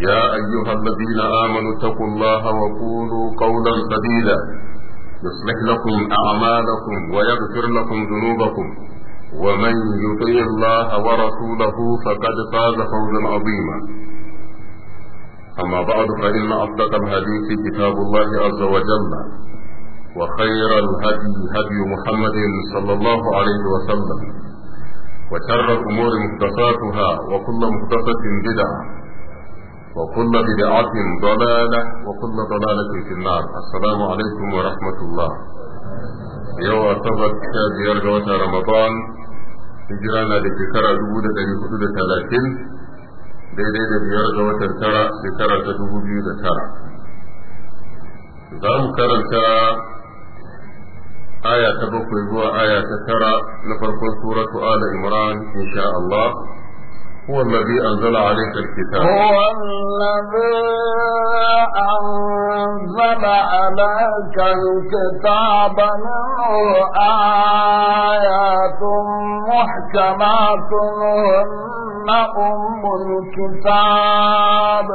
يا أيها الذين آمنوا اتقوا الله وقولوا قولا سديدا يصلح لكم أعمالكم ويغفر لكم ذنوبكم ومن يطيع الله ورسوله فقد فاز فوزا عظيما أما بعد فإن أصدق الحديث كتاب الله عز وجل وخير الهدي هدي محمد صلى الله عليه وسلم وشر الأمور مختصاتها وكل مختصة بدعة وكل بدعة ضلالة وكل ضلالة في النار السلام عليكم ورحمة الله يوم أصبت كتاب يرجوة رمضان هجرانا لتكرى دبودة لحدود ثلاثين دي دي يرجوة ترى لتكرى تدبودية ترى دام كرم ترى آية تبقى هو آية ترى نفرق سورة آل إمران إن شاء الله هو الذي أنزل عليك الكتاب هو الذي أنزل عليك الكتاب منه آيات محكمات هن أم الكتاب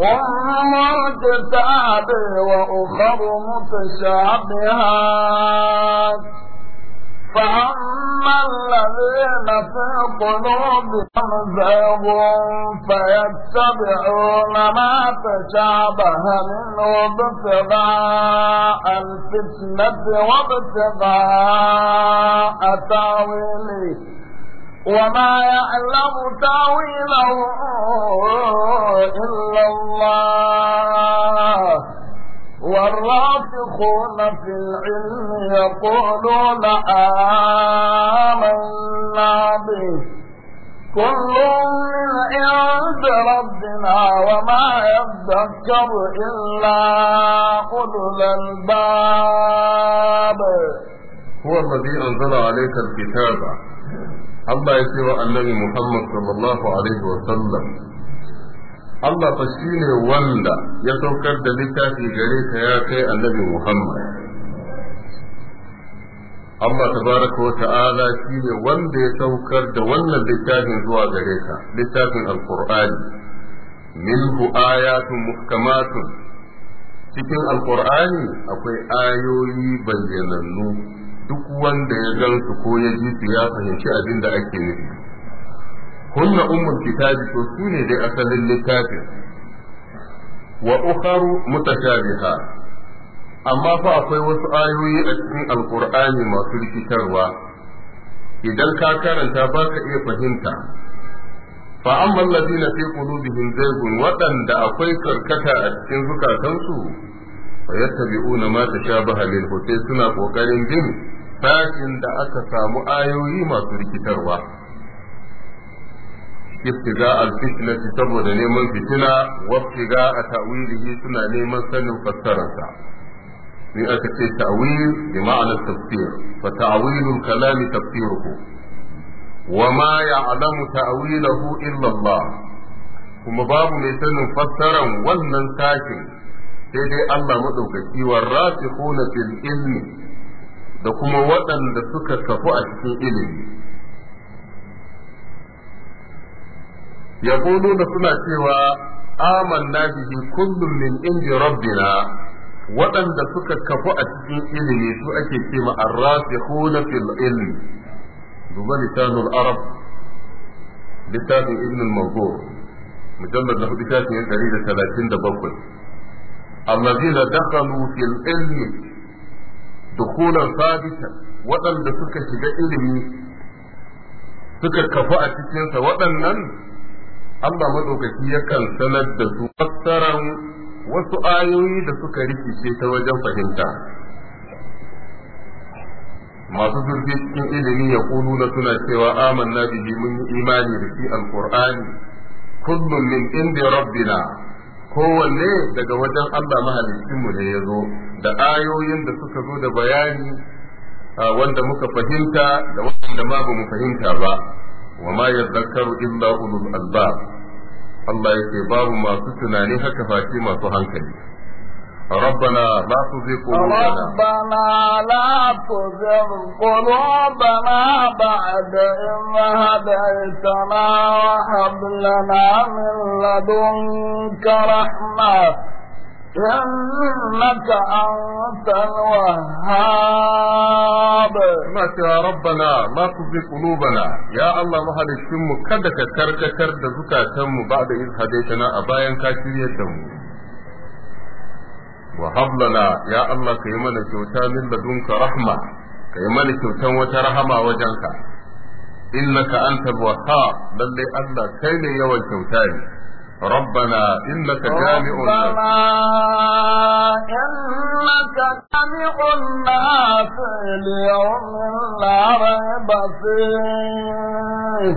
أم الكتاب وأخر متشابهات فأما الذين في قلوبهم زيغ فيتبعون ما تشابه منه ابتغاء الفتنة وابتغاء تاويله وما يعلم تاويله إلا الله والراسخون في العلم يقولون آمنا به كل من عند ربنا وما يذكر إلا أولو الألباب هو الذي أنزل عليك الكتاب الله يسوى النبي محمد صلى الله عليه وسلم Allah fa shine wanda ya saukar da littafi gare ka ya kai annabi Muhammad Allah tabaraka wa ta'ala shine wanda ya saukar da wannan littafin zuwa gare ka littafin alqur'ani minhu ayatun muhkamatun cikin alqur'ani akwai ayoyi bayyanannu duk wanda ya gansu ko ya ji ya fahimci abin da ake nufi hunna ummul kitabi to su ne dai asalin littafin wa ukharu mutashabiha amma fa akwai wasu ayoyi a cikin Alƙur'ani masu rikitarwa idan ka karanta ba ka iya fahimta fa amma alladhina fi qulubihim zaygun waɗanda akwai karkata a cikin zukatansu fa na ma tashabaha min sai suna kokarin bin sashin da aka samu ayoyi masu rikitarwa ibtiga al-fitnati saboda neman fitina wa ibtiga a ta'wilihi suna neman sanin fassararsa in aka ce ta'wil bi ma'anar tafsir fa ta'wilul kalami wa ma kuma babu mai sanin fassaran wannan takin, sai dai Allah madaukaki wa rasikhuna fil ilmi da kuma waɗanda suka kafu a cikin ilimi yaquluna suna cewa amanna bihi kullum min indi rabbina waɗanda suka kafu a cikin ilimi su ake ce ma arrasikhuna fil ilmi duba lisanul arab littafin ibn al-mawdu mujallad na hudu shafin ɗari da talatin da bakwai allazina dakhalu fil ilmi dukulan sabitan waɗanda suka shiga ilimi suka kafu a cikinsa waɗannan Allah madaukaki yakan sanar da su fassaran wasu ayoyi da suka rikice ta wajen fahimta masu zurfi cikin ilimi ya na suna cewa amanna bihi mun yi imani da shi alkur'ani kullum min inda rabbina kowanne daga wajen Allah mu ne ya zo da ayoyin da suka zo da bayani wanda muka fahimta da wanda ma ba mu fahimta ba wa ma yadhakkaru illa ulul albab Allah yake babu masu tunani haka face masu hankali ربنا لا تزغ قلوبنا ربنا لا تزغ قلوبنا بعد إن هديتنا وهب لنا من لدنك رحمة إنك أنت الوهاب ما يا ربنا ما تزغ قلوبنا يا الله ما هذا الشم kada ka karkatar da zukatanmu ba da iz a bayan ka shiryar da mu wa hablana ya Allah kai mana kyauta min ladunka rahma kai mana kyautan wata rahama wajenka innaka antal wahhab lallai Allah kai ne yawan kyauta ne ربنا إنك جامع ربنا إنك جامع الناس ليوم لا ريب فيه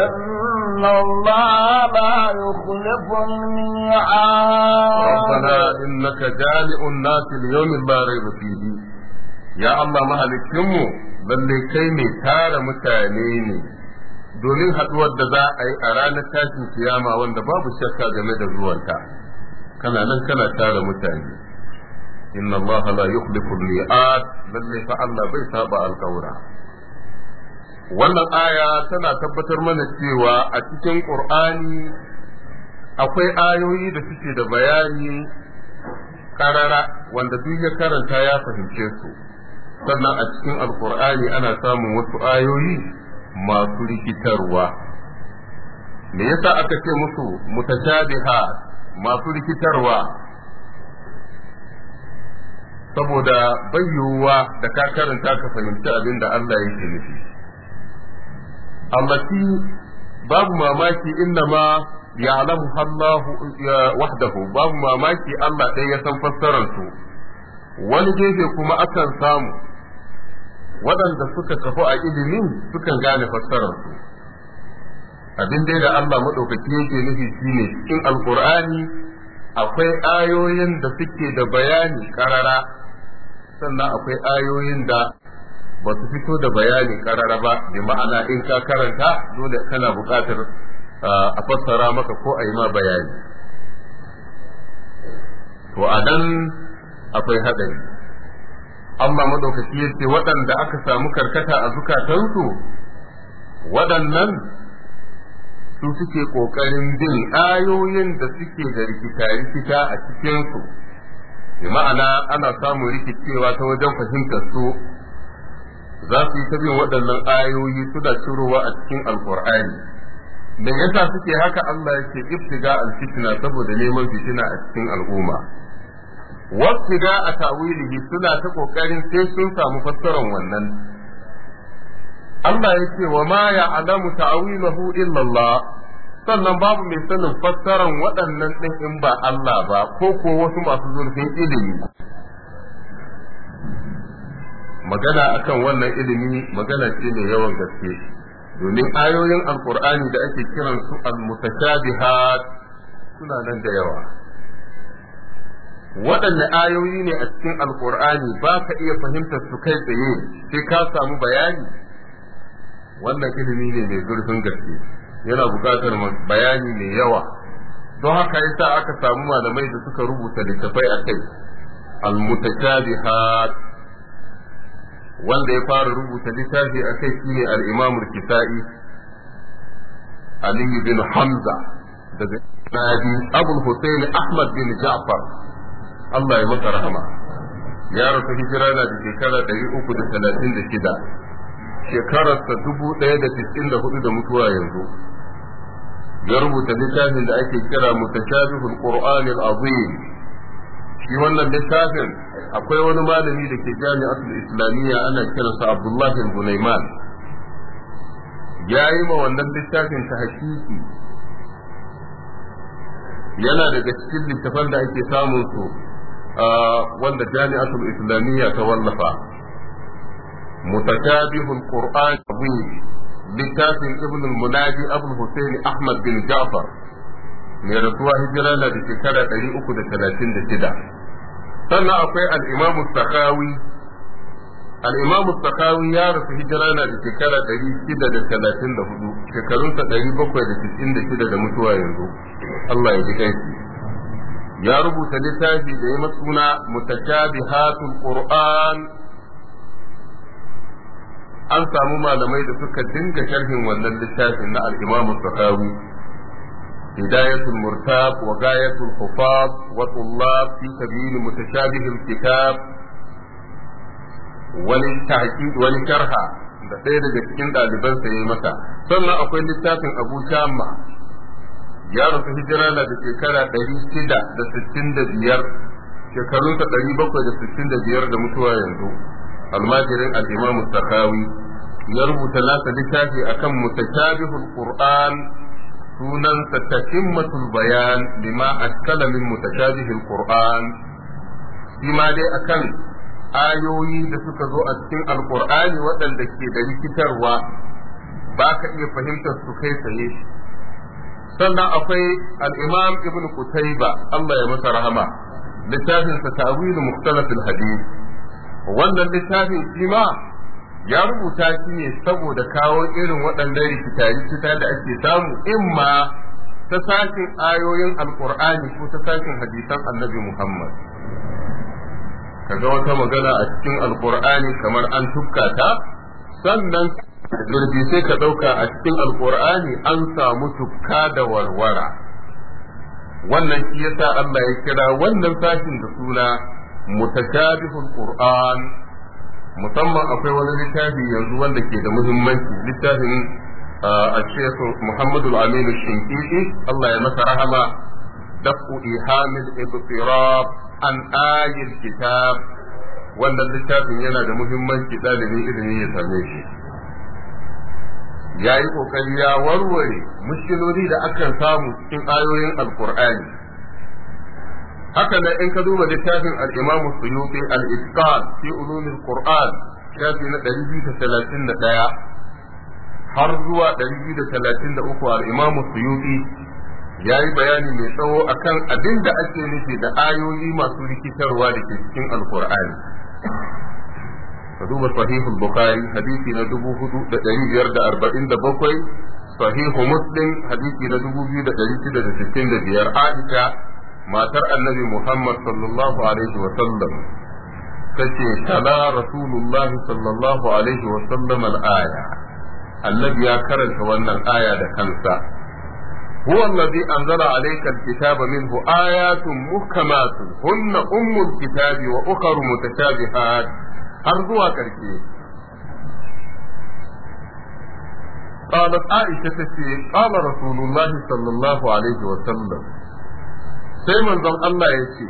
إن الله لا يخلف الميعاد ربنا إنك جامع الناس ليوم لا ريب فيه يا الله مهلكمو بل كي تار متانيني domin haɗuwar da za a yi a ranar tashin kiyama wanda babu shakka game da zuwanta kana nan kana tara mutane inna allaha la yukhlifu al-mi'ad lalle fa Allah bai saba alƙawura wannan aya tana tabbatar mana cewa a cikin qur'ani akwai ayoyi da suke da bayani karara wanda duk ya karanta ya fahimce su sannan a cikin alkur'ani ana samun wasu ayoyi masu rikitarwa me yasa aka ce musu mutashabiha masu rikitarwa saboda bayyuwa da ka karanta ka fahimci abin da Allah yake nufi shi babu mamaki inna ma ya'lamu Allah wahdahu babu mamaki Allah ɗaya ya san fassarar su wani gefe kuma akan samu waɗanda suka kafu a ilimi sukan gane fassarar su abin dai da Allah madaukaki yake nufi shine cikin alqur'ani akwai ayoyin da suke da bayani karara sannan akwai ayoyin da ba su fito da bayani karara ba bi ma'ana in ka karanta dole kana buƙatar a fassara maka ko a yi ma bayani to a nan akwai haɗari Allah madaukaki ya ce waɗanda aka samu karkata a zukatansu waɗannan su suke ƙoƙarin bin ayoyin da suke da rikita-rikita a cikinsu bi ma'ana ana samun rikicewa ta wajen fahimtar su za su yi ta bin waɗannan ayoyi suna cirowa a cikin alkur'ani me yasa suke haka Allah yake ibtiga alfitina saboda neman fitina a cikin al'umma wasu da a tawilihi suna ta kokarin sai sun samu fassarar wannan Allah ya ce wa ma ya alamu ta'awilahu illallah sannan babu mai sanin fassarar waɗannan ɗin in ba Allah ba ko ko wasu masu zurfin ilimi magana akan wannan ilimi magana ce mai yawan gaske domin ayoyin alkur'ani da ake kiransu al-mutashabihat suna nan da yawa waɗanne ayoyi ne a cikin alkur'ani ba ka iya fahimtar su kai tsaye sai ka samu bayani wannan ilimi ne mai zurfin gaske yana buƙatar bayani mai yawa don haka yasa aka samu malamai da suka rubuta littafai a kai almutashabihat wanda ya fara rubuta littafi a kai shine al-imam kisa'i ali bin hamza daga Nabi Abul Ahmad bin Ja'far Allah ya masa rahama ya rasu hijira na da shekara 336 shekararsa 1094 da mutuwa yanzu ya rubuta littafin da ake kira mutashabihul qur'an al-azim shi wannan littafin akwai wani malami da ke jami'atul islamiyya ana kiransa abdullahi bunayman ya yi ma wannan littafin ta yana daga cikin littafan da ake samun su wanda jami'atul islamiyya ta wallafa mutashabihul qur'an abin littafin ibn al-munadi abu husaini ahmad bin jafar mai rasuwa hijira na da 336 sannan akwai al-imamu sakawi al-imamu sakawi ya rasu hijira na da 634 shekarunsa 796 da mutuwa yanzu Allah ya ji ya rubuta littafi da ya masuna mutashabihatul qur'an an samu malamai da suka dinga sharhin wannan littafin na al-imam sakawi هداية المرتاب وغاية الحفاظ وطلاب في سبيل متشابه الكتاب وللتحقيق ولكرها da ɗaya daga cikin ɗaliban sa yi masa sannan akwai littafin abu shamma ya rufe hijira na da shekara ɗari shida da sittin da biyar shekarunsa ɗari bakwai da sittin da biyar da mutuwa yanzu almajirin al'imamu sakawi ya rubuta nasa littafi akan mutashabihul qur'an sunansa tatimmatul bayan lima ashkala min mutashabihil qur'an shi ma dai akan ayoyi da suka zo a cikin alƙur'ani waɗanda ke da rikitarwa ba ka iya fahimtar su kai tsaye sannan akwai alimam ibn kutayba Allah ya masa rahama littafin sa ta'wil mukhtalaf hadith wannan littafin shi ma ya rubuta shi ne saboda kawo irin waɗannan rikita-rikita da ake samu imma ta sashin ayoyin alkur'ani ko ta sashin hadisan annabi muhammad kaga wata magana a cikin alkur'ani kamar an tukka ta sannan zurfi sai ka ɗauka a cikin alkur'ani an samu tukka da warwara wannan shi yasa Allah ya kira wannan sashin da suna mutashabihul qur'an musamman akwai wani littafi yanzu wanda ke da muhimmanci littafin a cikin Muhammadu Aminu Shinkiti Allah ya masa rahama dafu ihamil ibtirab an ayil kitab wannan littafin yana da muhimmanci ɗalibin ilimi ya same shi ya yi ƙoƙari ya warware mushkiloli da akan samu cikin ayoyin alƙur'ani haka nan in ka duba littafin al'imamu suyuti al-itqan fi ulumin qur'an shafi na 231 har zuwa 233 al'imamu suyuti ya yi bayani mai tsawo akan abin da ake nufi da ayoyi masu rikitarwa da ke cikin alƙur'ani ka duba sahihul bukhari hadisi na dubu hudu da da da ɗari biyar arba'in bakwai, sahihu muslim hadisi na dubu biyu da da da ɗari shida sittin biyar aisha matar annabi muhammad sallallahu alaihi wa sallam tace tala rasulullah sallallahu alaihi wa sallam al-aya annabi ya karanta wannan aya da kansa هو الذي أنزل عليك الكتاب منه آيات محكمات هن أم الكتاب وأخر متشابهات Har zuwa ƙarfe. Dalut Aisha ta ce kala rasulun Nabiya sallallahu alaihi wa sallam sai mun Allah ya ce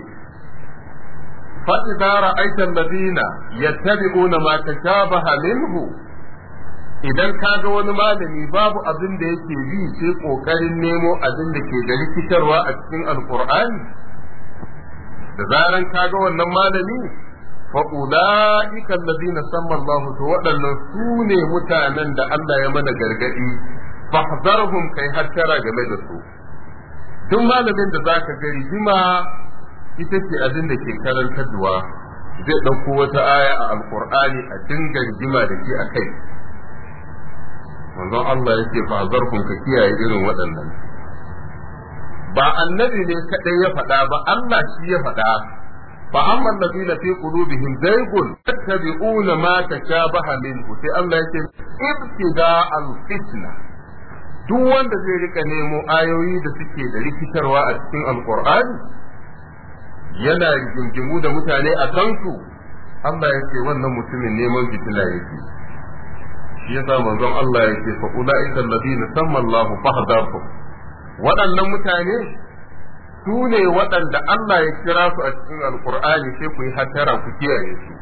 faɗi zara aishan na dina ya taɓa ƙuna mata shaba halihu. Idan ka ga wani malami babu abin da ya ke yi ya ƙoƙarin nemo abin da ke da likitarwa a cikin Alƙur'ani, da za a ka ga wannan malami. fa ulaika allazina samma Allah to waɗannan su ne mutanen da Allah ya mana gargadi fahzarhum kai tara game da su duk malamin da zaka gari jima ita ce abin da ke karantarwa zai ɗauko wata aya a alkur'ani a dinga jima da ke a kai Allah yake fahzarhum ka kiyaye irin waɗannan ba annabi ne kadai ya faɗa ba Allah shi ya faɗa fa amma alladhina fi qulubihim zaygun tattabi'una ma tashabaha minhu sai Allah yake duk wanda zai rika nemo ayoyi da suke da rikitarwa a cikin alqur'ani yana rigingimu da mutane a kansu Allah ce wannan mutumin neman fitila yake shi yasa manzon Allah yake fa ulaika alladhina samma Allahu fahdharu waɗannan mutane su ne waɗanda Allah ya kira su a cikin alkur'ani sai ku yi hatara ku kiyaye su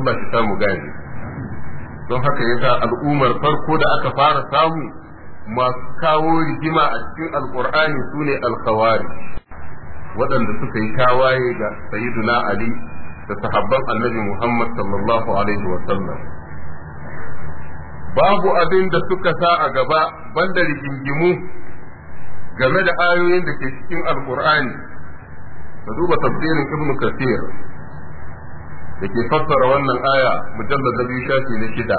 Allah shi samu gane don haka yasa al'ummar farko da aka fara samu masu kawo rigima a cikin alkur'ani su ne alkawari waɗanda suka yi kawaye ga sayyiduna ali da sahabban annabi muhammad sallallahu alaihi wa sallam babu abin da suka sa a gaba banda rigingimu game da ayoyin da ke cikin alkur'ani ka duba tafsirin ibn kasir da ke fassara wannan aya mujallar da biyu shafi na shida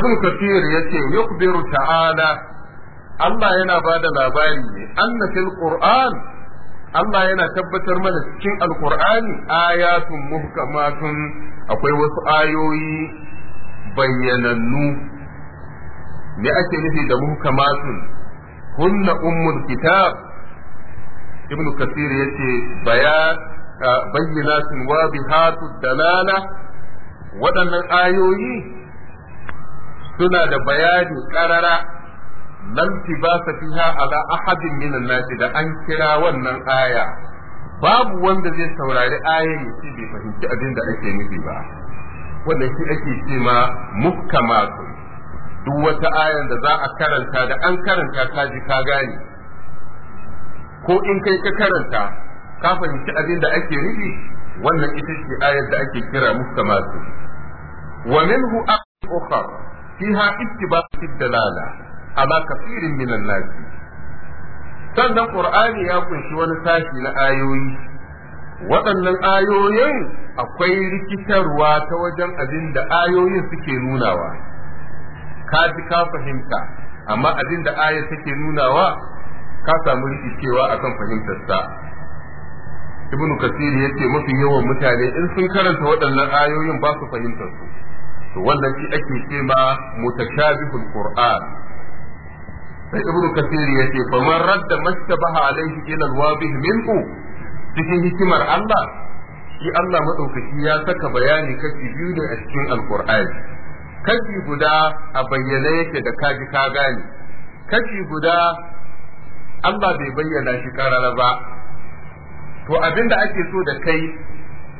ibn kasir ya ce yukbiru ta'ala Allah yana ba da labari ne anna fil qur'an Allah yana tabbatar mana cikin alkur'ani ayatun muhkamatun akwai wasu ayoyi bayyanannu me ake nufi da muhkamatun hunna ummul kitab ibn kasir yace bayan bayyinatin wa bihatu dalala waɗannan ayoyi suna da bayani karara lam tibasa a ala ahadin minan nasi da an kira wannan aya babu wanda zai saurari ayan shi bai fahimci abin da ake nufi ba wanda shi ake ce ma muhkamatu duk wata ayan da za a karanta da an karanta ka ji ka gane ko in kai ka karanta ka fahimci abin da ake nufi wannan ita ce ayar da ake kira mustamatu wa minhu aqwa ukhra fiha ittiba'u ad-dalala ala kathirin min an-nas sannan qur'ani ya kunshi wani sashi na ayoyi waɗannan ayoyin akwai rikitarwa ta wajen abin da ayoyin suke nunawa ka ji ka fahimta amma abin da aya take nunawa ka samu rikicewa akan fahimtarsa ibnu kasiri yace mafi yawan mutane in sun karanta waɗannan ayoyin ba su fahimtar su to wannan shi ake ce mutashabihul qur'an sai ibnu kasiri yace fa man radda mashtabaha alayhi ila alwabih minhu cikin hikimar Allah shi Allah madaukaki ya saka bayani kashi biyu ne a cikin alqur'ani kashi guda a bayyana yake da kaji ka gane kashi guda Allah bai bayyana shi karara ba to abinda ake so da kai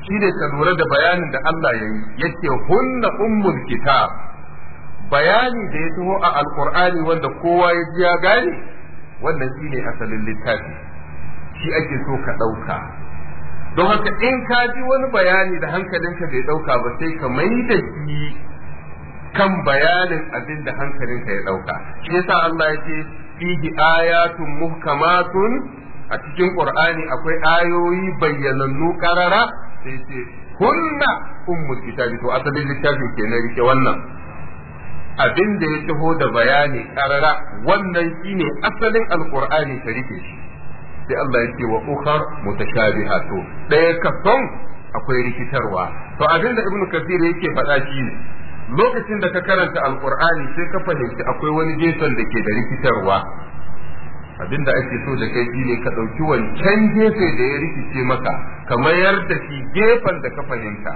shi ne ka lura da bayanin da Allah ya yi yake hunna ummul kitab bayani da ya taho a alkur'ani wanda kowa ya ji ya gane wannan shine asalin littafi shi ake so ka ɗauka don haka in ka ji wani bayani da hankalinka bai ɗauka ba sai ka mai da shi kan bayanin abin da hankalinka ya ɗauka. shi yasa Allah ya ce fihi ayatun muhkamatun a cikin qur'ani akwai ayoyi bayyanannu karara sai ce kunna ummul kitabi to asalin littafin kenan rike wannan abin da ya taho da bayani karara wannan shine asalin alqur'ani ta rike shi sai Allah ya ce wa ukhar mutashabihatu daya kason akwai rikitarwa to abinda da ibnu kathir yake faɗa shine lokacin da ka karanta alkur'ani sai ka fahimci akwai wani gefen da ke da rikitarwa abinda ake so da kai ne, ka ɗauki wancan gefe da ya rikice maka ka mayar da shi gefen da ka fahimta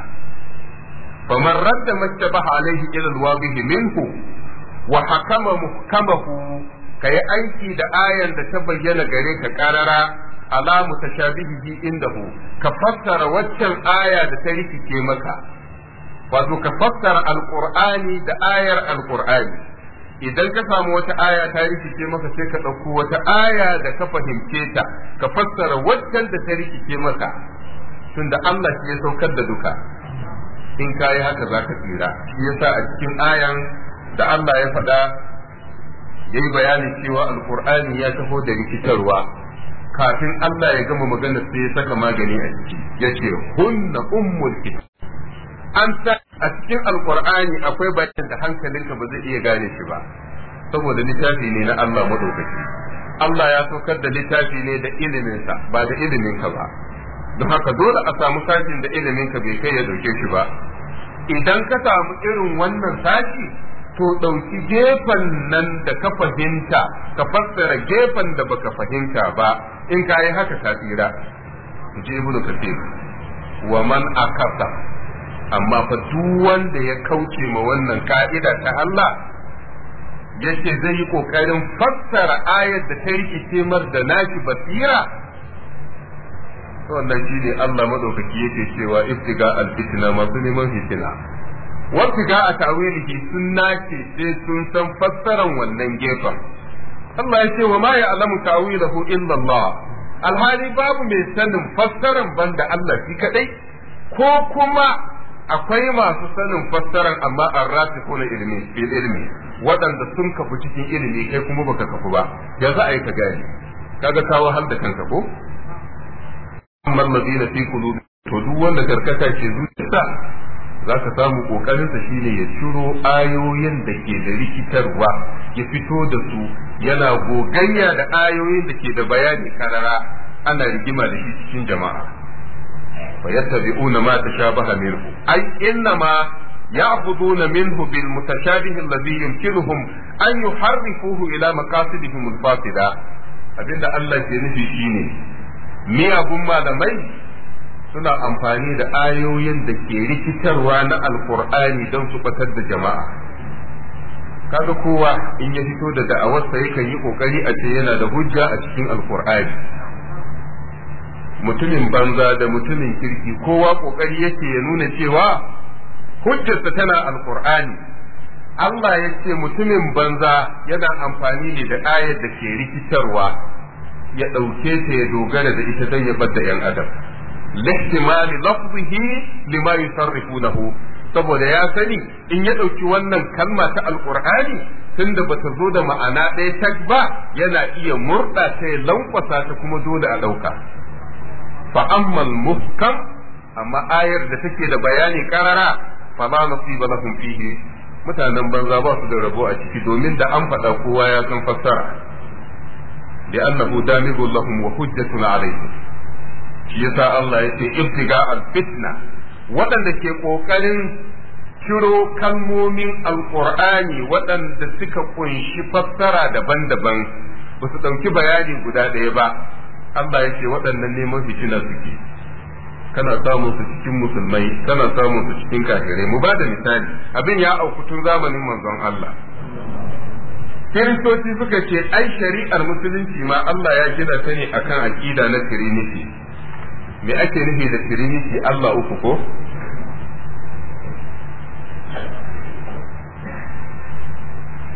faman radda ba alaihi ila alwabihi minku wa hakama muhkamahu yi aiki da ayan da ta bayyana gare ka karara ala mutashabihi indahu ka fassara waccan aya da ta rikice maka wato ka fassara alqur'ani da ayar alqur'ani idan ka samu wata aya ta rikice maka sai ka ɗauko wata aya da ka fahimce ta ka fassara waccan da ta rikice maka tunda Allah shi ya saukar da duka in ka yi haka za ka tsira shi yasa a cikin ayan da Allah ya faɗa ya yi bayanin cewa alkur'ani ya taho da rikitarwa kafin Allah ya gama magana sai ya saka magani a ciki ya ce hunna ummul kitab an sa a cikin alkur'ani akwai bayanin da hankalinka ba zai iya gane shi ba saboda littafi ne na Allah madaukaki Allah ya saukar da littafi ne da iliminsa ba da iliminka ba don haka dole a samu sashin da iliminka bai kai ya dauke shi ba idan ka samu irin wannan sashi to ɗauki gefen nan da ka fahimta ka fassara gefen da baka fahimta ba in ka yi haka ka tsira ji ibnu kathir wa man akasa amma fa duk wanda ya kauce ma wannan ka'ida ta Allah yace zai yi kokarin fassara ayar da ta rikice mar da nashi basira wannan shine Allah madaukaki yake cewa iftiga al-fitna masu neman Wa wabtiga a tawilihi sun nace sai sun san fassaran wannan gefen Allah ya ce wa ma ya'lamu tawilahu illa Allah alhali babu mai sanin fassaran banda Allah shi kadai ko kuma akwai masu sanin fassarar amma an rasu ko ilimi waɗanda sun kafu cikin ilimi kai kuma baka kafu ba ya za a yi ka gani kaga kawo hal da kanka ko amma madina fi qulubi to duk wanda karkata ke zuciyarsa za ka samu sa shine ya ciro ayoyin da ke da rikitarwa ya fito da su yana goganya da ayoyin da ke da bayani karara ana rigima da shi cikin jama'a fa yattabi'una ma tashabaha minhu ai innama ya'khuduna minhu bil mutashabihi alladhi yumkinuhum an yuharrifuhu ila maqasidihim al-fasida abinda Allah ke nufi shine miyagun malamai suna amfani da ayoyin da ke rikitarwa na alkur'ani don su batar da jama'a kaga kowa in ya fito da da'awarsa yakan yi ƙoƙari a ce yana da hujja a cikin alkur'ani mutumin banza da mutumin kirki kowa kokari yake ya nuna cewa hujjarsa tana alkur'ani Allah ya ce mutumin banza yana amfani ne da ayar da ke rikitarwa ya ɗauke ta ya dogara da ita don ya bada 'yan adam lihtimali lafzihi lima yusarrifunahu saboda ya sani in ya ɗauki wannan kalma ta alƙur'ani tunda ba ta zo da ma'ana ɗaya tak ba yana iya murɗa ta ya lankwasa ta kuma dole a ɗauka fa muhkam amma ayar da take da bayani karara fa ma nasiba lahum fihi mutanen banza ba su da rabo a ciki domin da an faɗa kowa ya san fassara bi annahu damigul lahum wa hujjatun alaihim shi yasa Allah ya ce ibtiga al fitna waɗanda ke kokarin ciro kalmomin alqur'ani waɗanda suka ƙunshi fassara daban-daban ba su ɗauki bayani guda ɗaya ba Allah ya ce waɗannan neman fitina suke kana samun su cikin musulmai kana samun su cikin kafirai mu ba da misali abin ya auku tun zamanin manzon Allah kiristoci suka ce ai shari'ar musulunci ma Allah ya gina ta ne akan aqida na trinity me ake nufi da trinity Allah uku ko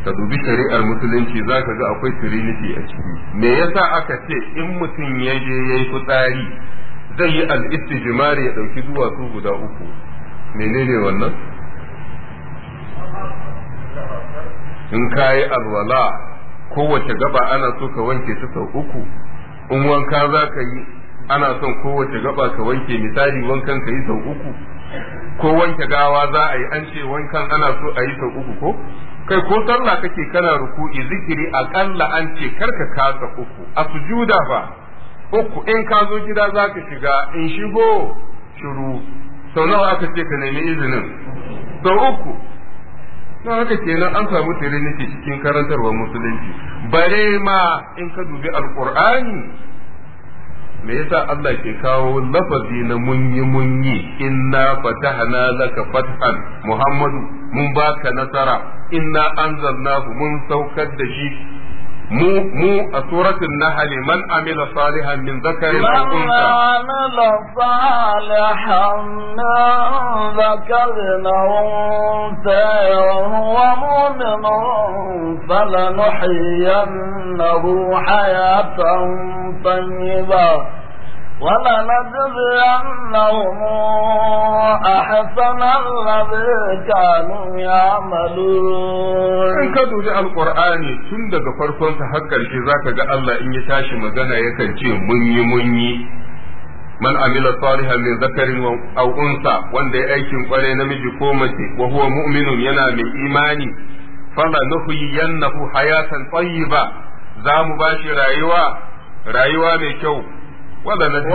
ka dubi shari'ar musulunci za ka ga akwai trinity a ciki me yasa aka ce in mutum ya je ya yi fitsari zai yi al'istijimari ya ɗauki duwatsu guda uku menene wannan in ka yi alwala kowace gaba ana so ka wanke ta sau uku in wanka za ka yi ana son kowace gaba ka wanke misali wankan ka yi sau uku ko wanke gawa za a yi an ce wankan ana so a yi sau uku ko kai ko sallah kake kana ruku'i zikiri aƙalla an ce karka kasa uku a sujuda ba uku in ka zo gida zaka shiga in shigo shiru sau nawa aka ce ka nemi izinin sau uku na haka kenan an samu tare nake cikin karantarwar musulunci bare ma in ka dubi alƙur'ani me yasa Allah ke kawo lafazi na munyi munyi inna fatahna laka fathan Muhammadu mun baka nasara inna anzalnahu mun saukar da shi mu mu a suratul nahl man amila salihan min zakarin aw unsa amila salihan min dhakarin aw unsa wa huwa mu'minun فلنحيينه حياة طيبة ولنجزينهم أحسن الذي كانوا يعملون إن كدو جاء القرآن تند فرقون تحقا الشيزاك جاء الله إن يتاشي مغانا يكنشي مني مني man amila salihan min zakarin aw unsa wanda ya aikin kware namiji ko mace wa huwa mu'minun yana mai imani fala nuhyiyannahu hayatan ba. za mu ba shi rayuwa rayuwa mai kyau ولنجزينهم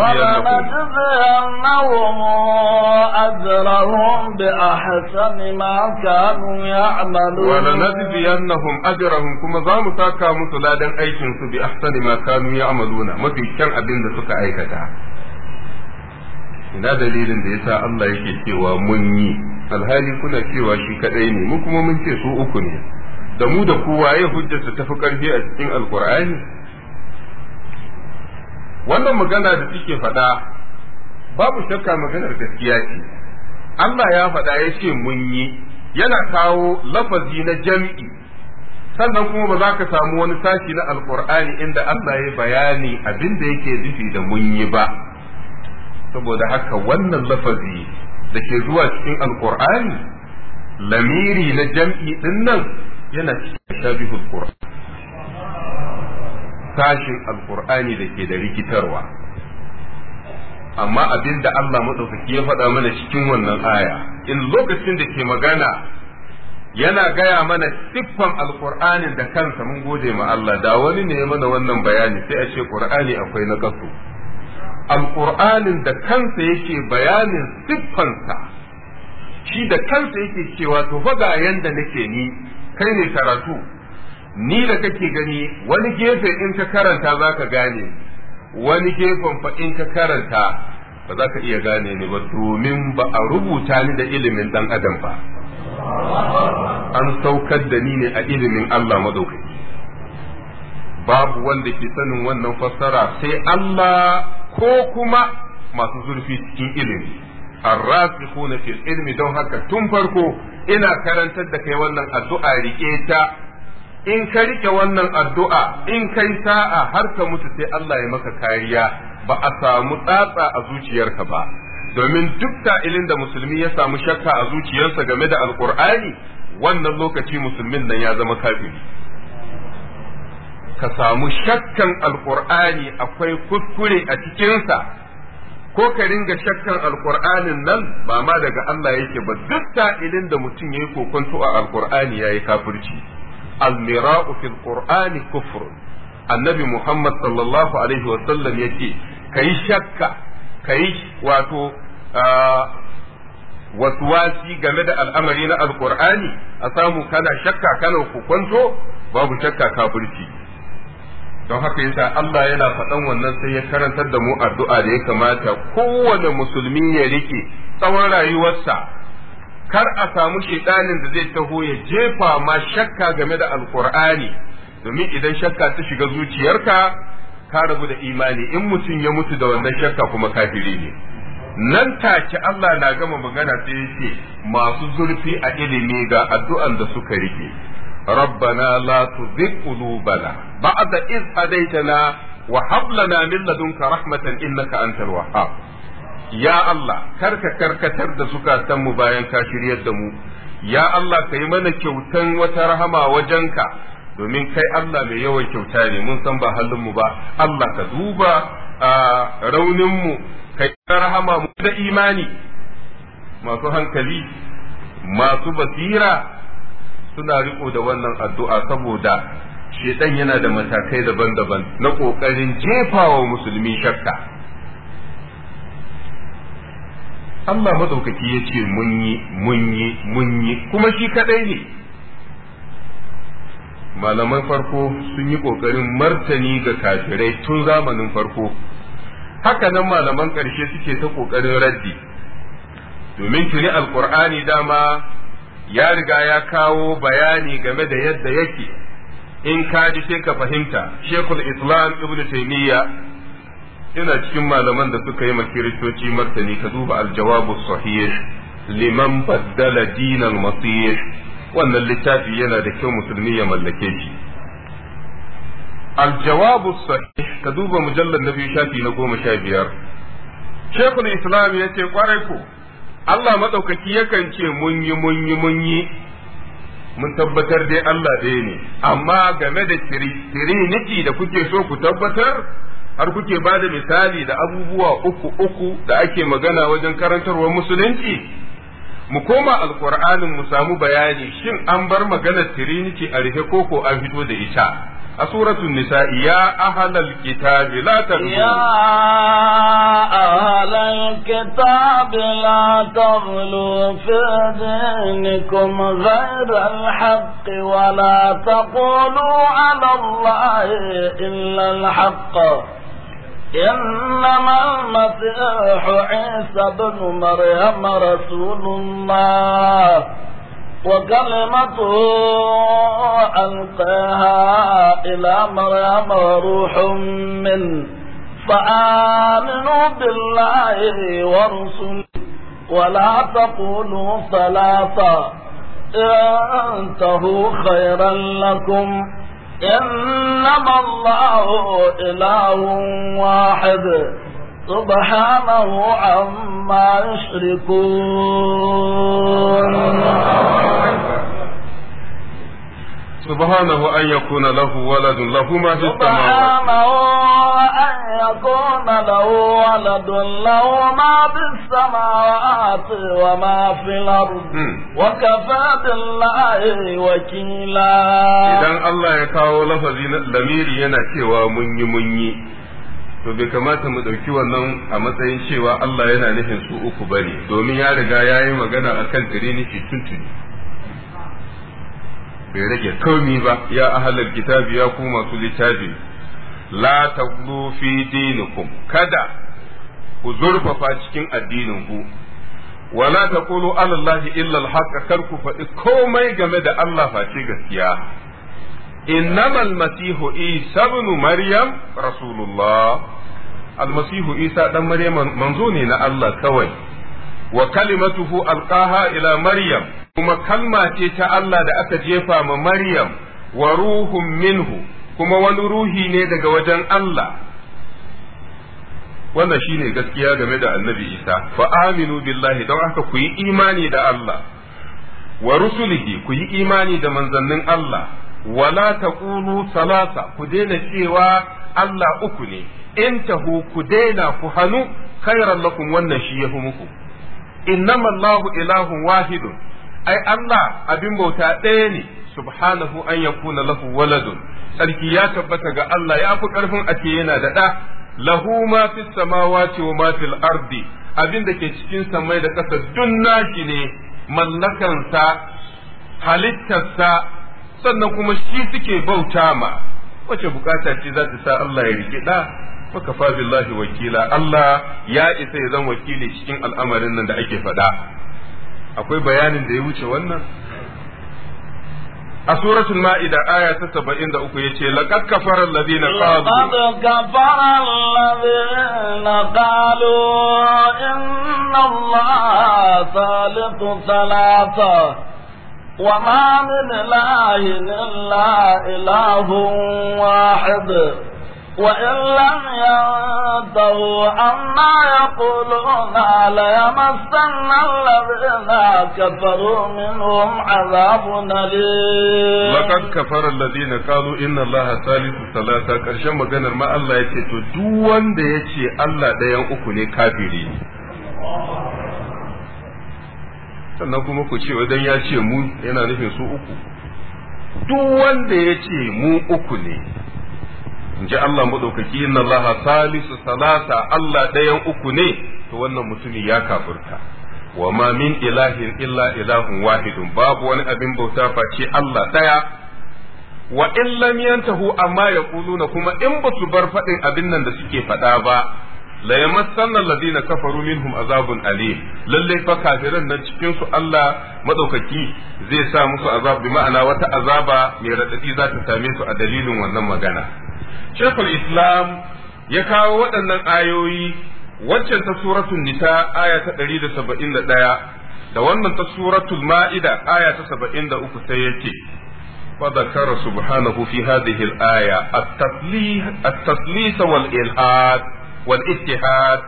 أجرهم بأحسن ما كانوا يعملون ولنجزينهم أجرهم كما زاموا ساكا مسلادا أيشنسوا بأحسن ما كانوا يعملون ما في شان أبين سكا أيكتا ina dalilin da yasa Allah yake cewa mun yi alhali kuna cewa shi kadai ne mu kuma mun ce su uku ne da mu da kowa ya ta tafi karfi a cikin alkur'ani wannan magana da take faɗa babu shakka maganar gaskiya ce Allah ya faɗa ya ce mun yi yana kawo lafazi na jam'i sannan kuma ba za ka samu wani sashi na alkur'ani inda Allah ya bayani abin da yake nufi da mun yi ba saboda haka wannan lafazi da ke zuwa cikin alkur'ani lamiri na jam'i din nan yana cikin shabihul qur'an sashin alkur'ani da ke da rikitarwa amma abin da Allah maɗaukaki ya faɗa mana cikin wannan aya in lokacin da ke magana yana gaya mana siffan alkur'anin da kansa mun gode ma Allah da wani ne ya mana wannan bayani sai a ce qur'ani akwai na kasu alƙur'anin da kansa yake bayanin siffansa shi da kansa yake cewa to fa ga yanda nake ni kai ne karatu ni da kake gani wani gefe in ka karanta za ka gane wani gefen fa in ka karanta ba za ka iya gane ni ba domin ba a rubuta ni da ilimin ɗan adam ba an saukar da ni ne a ilimin Allah madaukaki babu wanda ke sanin wannan fassara sai Allah ko kuma masu zurfi cikin ilimi arrasikhuna fil ilmi don haka tun farko ina karantar da kai wannan addu'a rike ta in ka rike wannan addu'a in kai sa'a har ka mutu sai Allah ya maka kariya ba a samu tsatsa a zuciyarka ba domin duk ilin da musulmi ya samu shakka a zuciyarsa game da alkur'ani wannan lokaci musulmin nan ya zama kafiri ka samu shakkan alkur'ani akwai kuskure a cikinsa ko ka ringa shakkan alkur'anin nan ba ma daga Allah yake ba duk sa'ilin da mutum yayi kokonto a ya yi kafirci almira'u fil qur'ani kufr annabi Muhammad sallallahu alaihi wa sallam ka yi shakka yi wato wasuwasi game da al'amari na alkur'ani a samu kana shakka kana kokonto babu shakka kafirci don haka yasa Allah yana faɗan wannan sai ya karantar da mu addu'a da ya kamata kowane musulmi ya rike tsawon rayuwarsa kar a samu shiɗanin da zai taho ya jefa ma shakka game da alkur'ani domin idan shakka ta shiga zuciyarka ka rabu da imani in mutum ya mutu da wannan shakka kuma kafiri ne nan take Allah na gama magana sai yake masu zurfi a ilimi ga addu'an da suka rike ربنا لا تزغ قلوبنا بعد إذ هديتنا وهب لنا من لدنك رحمة إنك أنت الوهاب يا الله كرك كرك ترد زكاة مباين كاشر يدمو يا الله كيمن كوتن وترحم وجنك domin kai Allah mai yawan kyauta ne mun san ba halinmu ba Allah ka duba rauninmu ka rahama mu da imani masu hankali masu basira suna riko da wannan addu'a saboda shedan yana da matakai daban-daban na kokarin jefawa musulmi shakka Allah madaukaki ya ce mun yi mun yi mun yi kuma shi kadai ne malaman farko sun yi ƙoƙarin martani ga kafirai tun zamanin farko haka nan malaman ƙarshe suke ta ƙoƙarin raddi domin tuni alkur'ani dama ya riga ya kawo bayani game da yadda yake in ka ji sai ka fahimta shekul islam ibn taymiya yana cikin malaman da suka yi makiristoci martani ka duba aljawabu sahih liman baddala dinal masir wannan littafi yana da kyau musulmi ya mallake shi aljawabu sahih ka duba mujallar na biyu shafi na goma sha biyar shekul islam ya ce kwarai ko Allah maɗaukaki yakan ce mun yi mun yi mun yi mun tabbatar dai Allah ɗaya ne amma game da tiriniti da kuke so ku tabbatar har kuke ba da misali da abubuwa uku uku da ake magana wajen karantarwar musulunci mu koma alkur'anin mu samu bayani shin an bar maganar tiriniti a rufe koko an fito da ita سورة النساء يا أهل الكتاب لا تغلوا يا أهل الكتاب لا تغلوا في دينكم غير الحق ولا تقولوا على الله إلا الحق إنما المسيح عيسى بن مريم رسول الله وكلمته ألقاها إلى مريم وروح من فآمنوا بالله ورسله ولا تقولوا ثلاثة انتهوا خيرا لكم إنما الله إله واحد سبحانه عما يشركون سبحانه أن يكون له ولد له ما في السماوات سبحانه أن يكون له ولد له ما في السماوات وما في الأرض وكفى بالله وكيلا إذا الله يكاو لفظ لمير ينكي ومني مني to bai kamata mu ɗauki wannan a matsayin cewa Allah yana nufin su uku ba ne domin ya riga ya yi magana a kan trinity tuntuni bai rage kaumi ba ya ahalar kitabi ya ku masu littafi la taglu fi dinikum kada ku zurfafa cikin addinin ku wala taqulu ala allahi illa alhaq karku ku faɗi komai game da Allah face gaskiya إنما المسيح عيسى ابن مريم رسول الله المسيح عيسى ابن مريم منزوني نا الله كوي وكلمته ألقاها إلى مريم كما كلمة تا الله دا أكجيفا مريم وروح منه كما ونروحي نيدا وجن الله wannan shine gaskiya game da annabi isa fa aminu billahi don haka ku yi imani da Allah wa rusulihi ku yi imani da manzannin Allah wala taqulu salasa ku daina cewa Allah uku ne in tahu ku daina ku hannu khairan lakum wannan shi yafi muku innama Allahu ilahun wahidu. ai Allah abin bauta ɗaya ne subhanahu an yakuna lahu waladun sarki ya tabbata ga Allah ya fi karfin a yana da ɗa lahu ma fi samawati wa ardi abin da ke cikin mai da ƙasa dun nashi ne mallakansa halittarsa sannan kuma shi suke bauta ma wace bukata ce za ta sa Allah ya rike da maka fa billahi wakila Allah ya isa ya zan wakili cikin al'amarin nan da ake faɗa akwai bayanin da ya wuce wannan a suratul ma'ida aya ta 73 yace laqad kafara alladhina qalu laqad kafara alladhina qalu inna allaha thalithu thalatha وما من إله إلا إله واحد وإن لم ينتهوا عما يقولون ليمسن الذين كفروا منهم عذاب أليم لقد كفر الذين قالوا إن الله ثالث ثلاثة كرشم مجنر ما الله يتي تدوان ديتي الله ديان أكوني كافرين sannan kuma ku ce wajen ya ce mu yana nufin su uku duk wanda ya ce mu uku ne in ji Allah maɗaukaki inna Allah salisu salasa Allah ɗayan uku ne to wannan mutumi ya kafurta wa ma min ilahin illa ilahun wahidun babu wani abin bauta face Allah ɗaya wa in lam yantahu amma yaquluna kuma in ba su bar faɗin abin nan da suke faɗa ba la yamassanna alladhina kafaru minhum azabun alim lalle fa kafiran nan cikin su Allah madaukaki zai sa musu azab bi ma'ana wata azaba mai radadi za ta same su a dalilin wannan magana Shaykhul Islam ya kawo waɗannan ayoyi waccan ta suratul nisa aya ta 171 da wannan ta suratul ma'ida aya ta 73 sai yake فذكر سبحانه في هذه الآية التثليث, التثليث والإلحاد wal ittihad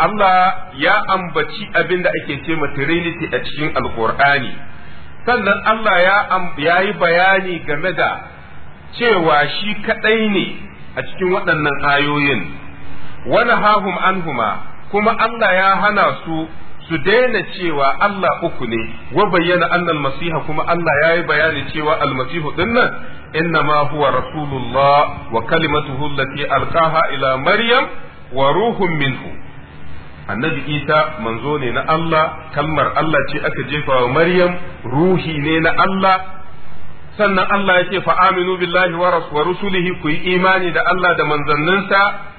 Allah ya ambaci abin da ake ce trinity a cikin Alƙur'ani sannan Allah ya yi bayani game da cewa shi kadai ne a cikin waɗannan ayoyin wani hahum anhuma kuma Allah ya hana su su daina cewa Allah uku ne wa bayyana annal masiha kuma Allah ya yi bayani cewa almasihu din nan innama huwa rasulullah wa kalimatuhu allati alqaha ila maryam wa ruhun minhu annabi isa manzo ne na Allah kalmar Allah ce aka jefa wa maryam ruhi ne na Allah sannan Allah ya ce fa aminu billahi wa rasulihi ku yi imani da Allah da manzanninsa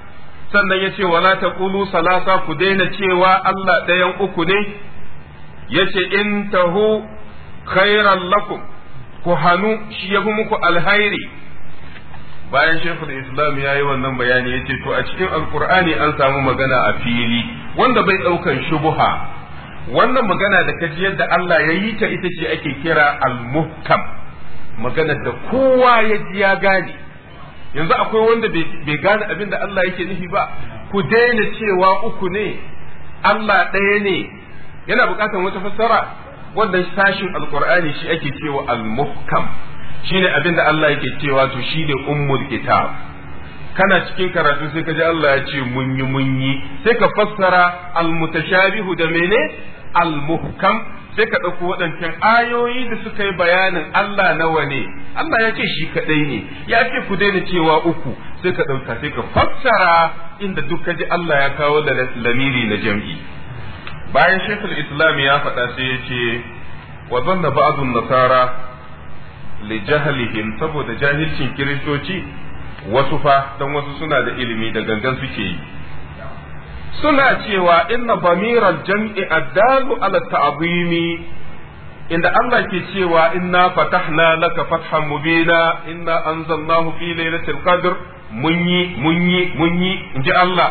sannan ya ce wala ta ƙulu salasa ku daina cewa Allah ɗayan uku ne ya ce in tahu khairan lakum ku hannu shi ya fi muku alhairi bayan shekul islam ya yi wannan bayani ya ce to a cikin alkur'ani an samu magana a fili wanda bai ɗaukan shubuha wannan magana da kaji yadda Allah ya yi ta ita ce ake kira al-muhkam maganar da kowa ya ji ya gane yanzu akwai wanda bai gane abin da Allah yake nufi ba ku daina cewa uku ne Allah ɗaya ne yana buƙatar wata fassara wanda sashin alkur'ani shi ake cewa al-muhkam shine abin da Allah yake cewa to shine ummul kitab kana cikin karatu sai ka ji Allah ya ce munyi munyi sai ka fassara al-mutashabihu da mene al-muhkam sai ka ɗauko waɗancan ayoyi da suka yi bayanin Allah nawa ne Allah ya ce shi kaɗai ne ya ce ku daina cewa uku sai ka ɗauka sai ka fassara inda duk ji Allah ya kawo da lamiri na jam'i bayan shekul islam ya faɗa sai ya ce wa zanna ba'dun nasara li jahlihim saboda jahilcin kiristoci wasu fa dan wasu suna da ilimi da gangan suke yi suna cewa inna bamiral jam'i addalu ala ta'zimi inda Allah ke cewa inna fatahna laka fathan mubina inna anzalnahu fi lailatul qadr mun yi mun yi mun yi inji Allah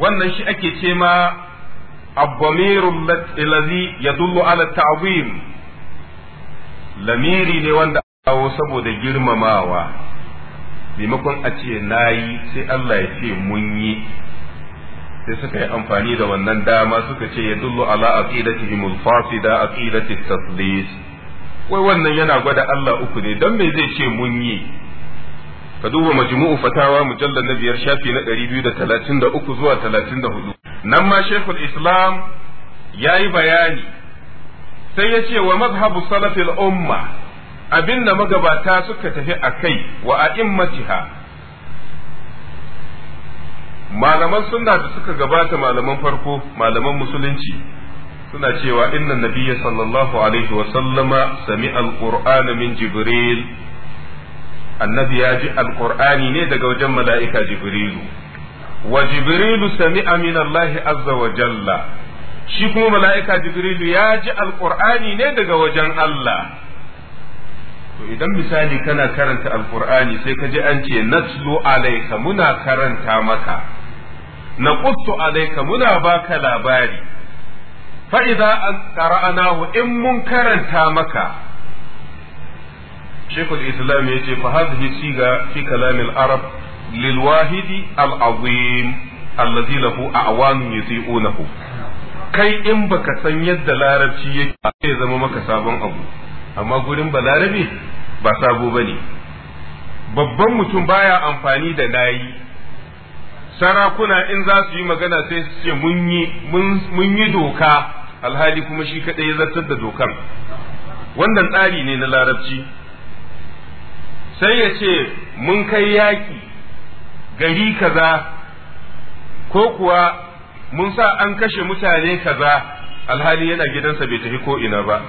wannan shi ake ce ma abdamirul ladzi yadullu ala ta'zim lamiri ne wanda kawo saboda girmamawa maimakon a ce nayi sai Allah ya ce mun yi sai suka yi amfani da wannan dama suka ce ya dullu ala aqidatihim al-fasida aqidati taslis wai wannan yana gwada Allah uku ne dan me zai ce mun yi ka duba majmu'u fatawa mujallal na biyar shafi na 233 zuwa 34 nan ma shaykhul islam yayi bayani sai ya ce wa mazhabu salafil umma abinda magabata suka tafi akai wa a'immatiha malaman sunna da suka gabata malaman farko malaman musulunci suna cewa inna nabiyya sallallahu alaihi wa sallama sami alqur'ana min jibril annabi ya ji alqur'ani ne daga wajen mala'ika jibrilu wa jibrilu sami'a min allahi azza wa jalla shi kuma mala'ika jibrilu ya ji alqur'ani ne daga wajen allah to idan misali kana karanta alqur'ani sai ka ji an ce natlu alaika muna karanta maka naqussu alaika muna baka labari fa idza qara'nahu in mun karanta maka Sheikhul Islam yace fa hadhihi siga fi kalam al-arab lil wahidi al-azim alladhi lahu a'wan yusi'unahu kai in baka san yadda larabci yake zai zama maka sabon abu amma gurin balarabe ba sabo bane babban mutum baya amfani da nayi sarakuna in za su yi magana sai su ce mun yi doka alhali kuma shi kaɗai ya zartar da dokar wannan tsari ne na larabci sai ya ce mun kai yaƙi gari kaza ko kuwa mun sa an kashe mutane kaza alhali yana gidansa bai tafi ko ina ba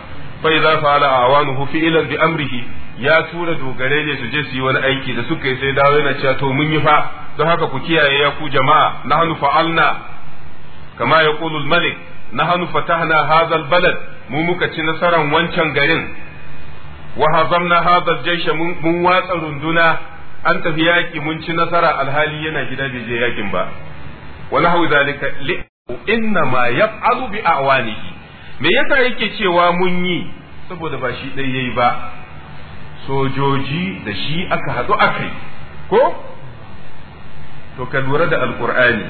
bai za fa ala hufi fi'lan bi amrihi ya tura dogare ne su je su yi wani aiki da suka yi sai dawo yana cewa to mun yi fa don haka ku kiyaye ya ku jama'a nahnu fa'alna kama ya al-malik nahnu fatahna hadha al mu muka ci nasaran wancan garin wa hazamna hadha al-jaysh mun watsa runduna an tafi yaki mun ci nasara alhali yana gida bai je yakin ba wa nahwu zalika li inna ma yaf'alu bi a'wanihi me yasa yake cewa mun yi saboda ba shi dai yayi ba sojoji da shi aka haɗu akai ko to ka lura da alkur'ani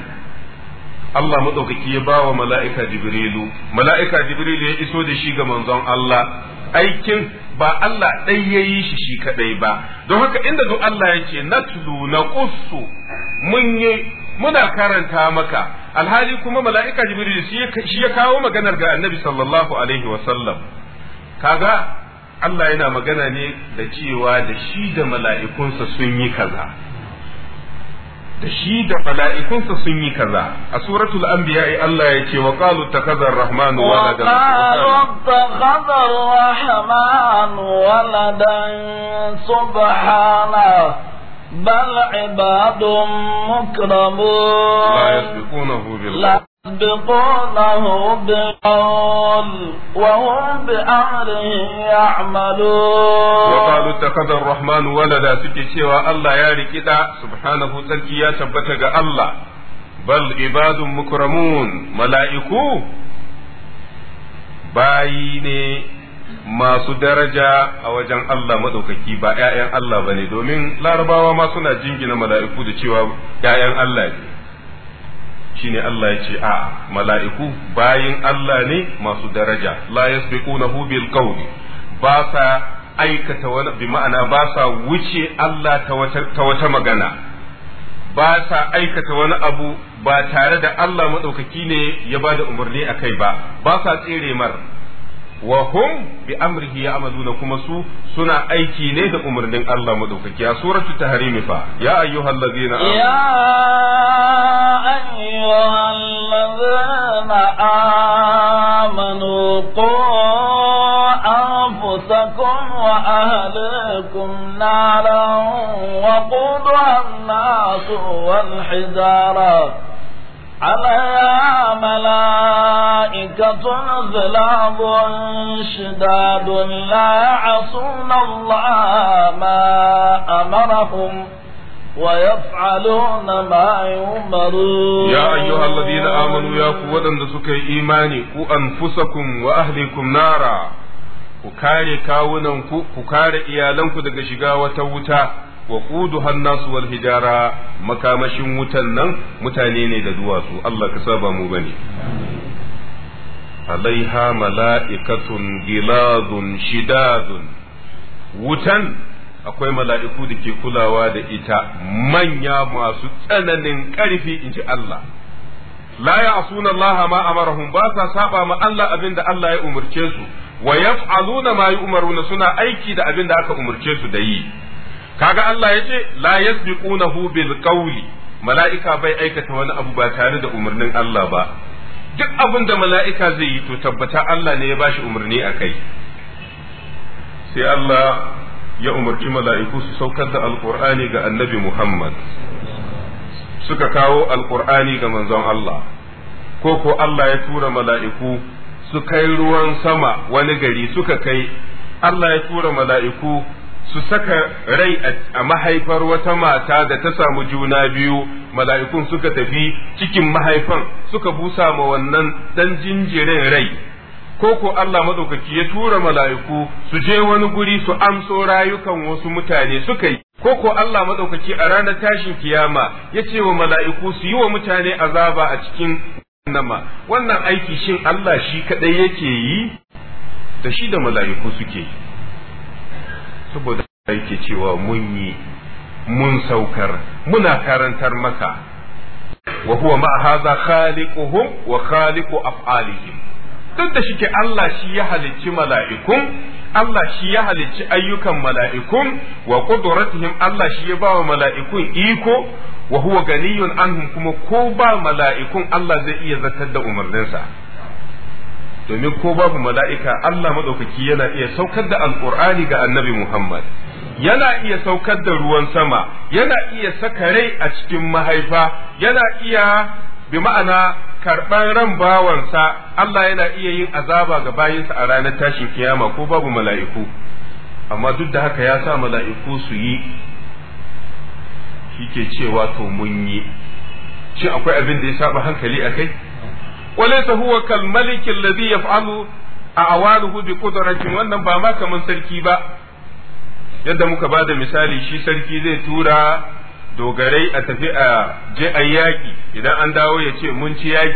Allah maɗaukaki ya ba wa mala'ika Jibrilu, mala'ika Jibrilu ya iso da shi ga manzon Allah, aikin ba Allah ɗai ya yi shi shi kaɗai ba, don haka inda duk Allah ya ce, Natlu na ƙusu mun yi muna karanta maka, alhali kuma mala'ika Jibrilu shi ya kawo maganar ga annabi sallallahu alaihi wasallam. Kaga Allah yana magana ne da cewa da shi da mala'ikunsa sun yi kaza. shi da fala'ikunsa sun yi kaza a suratul anbiya Allah ya ce wa qalu takaza ar-rahman walada wa takaza ar-rahman waladan subhana bal ibadun mukramun la yasbiqunahu bil يسبقونه بالقول وهم بأمرهم يعملون وقالوا اتخذ الرحمن ولدا سكي شوى الله يا ركدا سبحانه تلكي يا شبتك الله بل عباد مكرمون ملائكو bayi ne masu daraja a wajen Allah maɗaukaki ba ‘ya'yan Allah ba ne domin larabawa ma suna jingina mala'iku da cewa ‘ya'yan Allah ne shine Allah ya ce a mala'iku bayin Allah ne masu daraja la hu bil qawli ba sa aikata wani bi ma'ana ba sa wuce Allah ta wata magana ba sa aikata wani abu ba tare da Allah madaukaki ne ya ba da umarni a kai ba ba sa tsere mar وهم بأمره يعملون كما سو سنا أيكي نيد أمر دين الله مدوكك يا سورة تهريم فا يا أيها الذين آمنوا يا أيها الذين آمنوا قوا أنفسكم وأهلكم نارا وقودها الناس والحجارة عليها ملائكة ظلام شداد لا يعصون الله ما أمرهم ويفعلون ما يؤمرون يا أيها الذين آمنوا يا قوة سكي إيماني قو أنفسكم وأهلكم نارا ku kare kawunanku ku kare iyalanku daga shiga wata wuta Waƙudu kudu hannasu wal hijara makamashin wutan nan mutane ne da duwatsu Allah ka saba mu bane alaiha mala'ikatun gilazun shidazun. wutan akwai mala'iku da ke kulawa da ita manya masu tsananin ƙarfi in ji Allah la ya'suna Allah ma amarahum ba sa saba ma Allah abinda Allah ya umurce su wa mayu ma yu'maruna suna aiki da abin da aka umarce su da yi kaga Allah ya ce la yasbiqunahu bil qawli mala'ika bai aikata wani abu ba tare da umarnin Allah ba duk abin da mala'ika zai yi to tabbata Allah ne ya bashi umarni a kai sai Allah ya umarci mala'iku su saukar da alkur'ani ga annabi Muhammad suka kawo alƙur'ani ga manzon Allah ko ko Allah ya tura mala'iku su kai ruwan sama wani gari suka kai Allah ya tura mala'iku su saka rai a mahaifar wata mata da ta samu juna biyu mala'ikun suka tafi cikin mahaifan suka busa ma wannan dan jinjirin rai ko ko Allah madaukaki ya tura mala'iku su je wani guri su amso rayukan wasu mutane suka yi ko ko Allah madaukaki a ranar tashin kiyama ya ce wa mala'iku su yi wa mutane azaba a cikin nama wannan aiki shin Allah shi kadai yake yi da shi da mala'iku suke yi saboda yake cewa mun yi mun saukar muna karantar maka wa huwa ma hadha khaliquhum wa khaliqu af'alihim duk da shike Allah shi ya halicci mala'ikun Allah shi ya halicci ayyukan mala'ikun wa qudratihim Allah shi ya bawa mala'ikun iko wa huwa ganiyun anhum kuma ko ba mala'ikun Allah zai iya zartar da umarninsa domin ko babu mala'ika Allah maɗaukaki yana iya saukar da alƙur'ani ga annabi Muhammad yana iya saukar da ruwan sama yana iya saka rai a cikin mahaifa yana iya bi ma'ana karɓar ran bawansa Allah yana iya yin azaba ga bayinsa a ranar tashin kiyama ko babu mala'iku amma duk da haka ya sa mala'iku su yi shi ke cewa to mun yi shi akwai abin da ya saba hankali a kai walaysa huwa kal malik alladhi yaf'alu a'waluhu bi qudratin wannan ba ma kaman sarki ba yadda muka ba da misali shi sarki zai tura dogarai a tafi a je a yaƙi idan an dawo ya ce mun ci yaƙi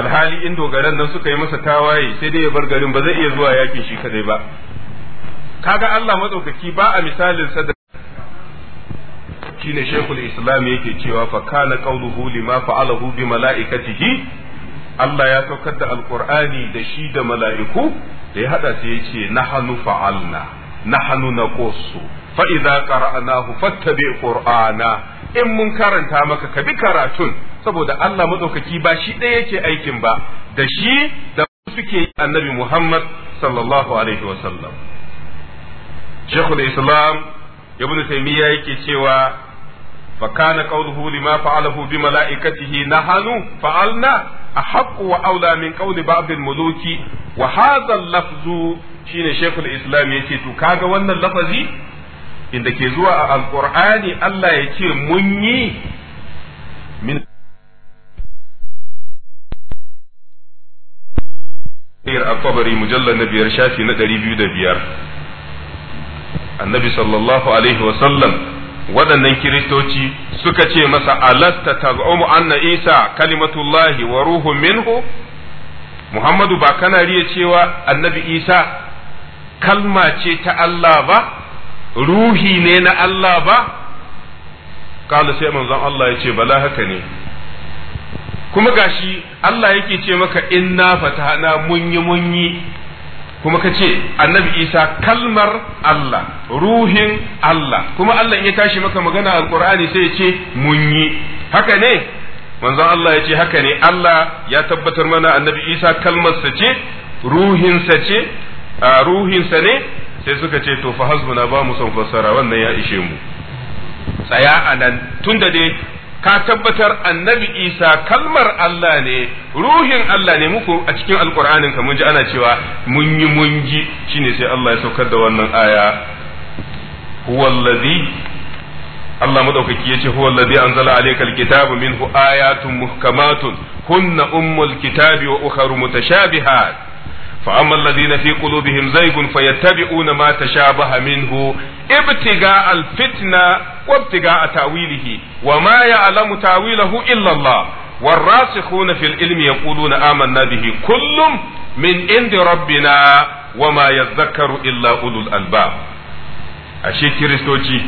alhali in dogaran nan suka yi masa tawaye sai dai ya bar garin ba zai iya zuwa yaƙi shi kaɗai ba Ka ga Allah matsaukaki ba a misalin sa da shine shekul islam yake cewa fa na qawluhu lima fa'alahu bi mala'ikatihi Allah ya saukar da alkur'ani da shi da mala'iku da ya haɗa sai ya ce hannu fa'alna hannu na ƙosu. fa'iza ƙara'anahu fattabe ƙur'ana in mun karanta maka ka bi karatun saboda Allah maɗaukaki ba shi ɗaya yake aikin ba da shi da suke annabi Muhammad sallallahu alaihi wasallam Shekul Islam Ibn Taymiyyah yake cewa fa kana qawluhu lima fa'alahu bi mala'ikatihi nahanu fa'alna ahq wa aulamin min qawli ba'd al-muluki wa hadha al-lafzu shine shaykhul islam to kaga wannan lafazi inda ke zuwa a alqur'ani Allah ce mun yi min Sayyid al-Tabari mujallar na biyar shafi na ɗari biyu da biyar. Annabi sallallahu alaihi wa sallam waɗannan kiristoci suka ce masa alasta taz'umu anna isa kalimatullahi wa ruhu minhu muhammadu ba kana riya cewa annabi isa kalma ce ta Allah ba ruhi ne na Allah ba kala sai manzon Allah ya ce bala haka ne kuma gashi Allah yake ce maka inna fatahna munyi munyi kuma ka ce annabi isa kalmar Allah ruhin Allah kuma Allah in ya tashi maka magana alkur'ani sai ya ce mun yi haka ne manzon Allah ya ce haka ne Allah ya tabbatar mana annabi isa kalmarsa ce ruhinsa ce ruhinsa ne sai suka ce to fa hasbuna ba mu son fassara wannan ya ishe mu tsaya anan nan tunda dai ka tabbatar annabi isa kalmar Allah ne ruhin Allah ne muku a cikin alkur'anin ka mun ji ana cewa mun yi mun ji shine sai Allah ya saukar da wannan aya huwallazi Allah madaukaki yace huwallazi anzala alaykal kitaba minhu ayatun muhkamatun hunna ummul kitabi wa ta mutashabihat فأما الذين في قلوبهم زيغ فيتبعون ما تشابه منه ابتغاء الفتنة وابتغاء تأويله وما يعلم تأويله إلا الله والراسخون في العلم يقولون آمنا به كل من عند ربنا وما يذكر إلا أولو الألباب أشي كريستوجي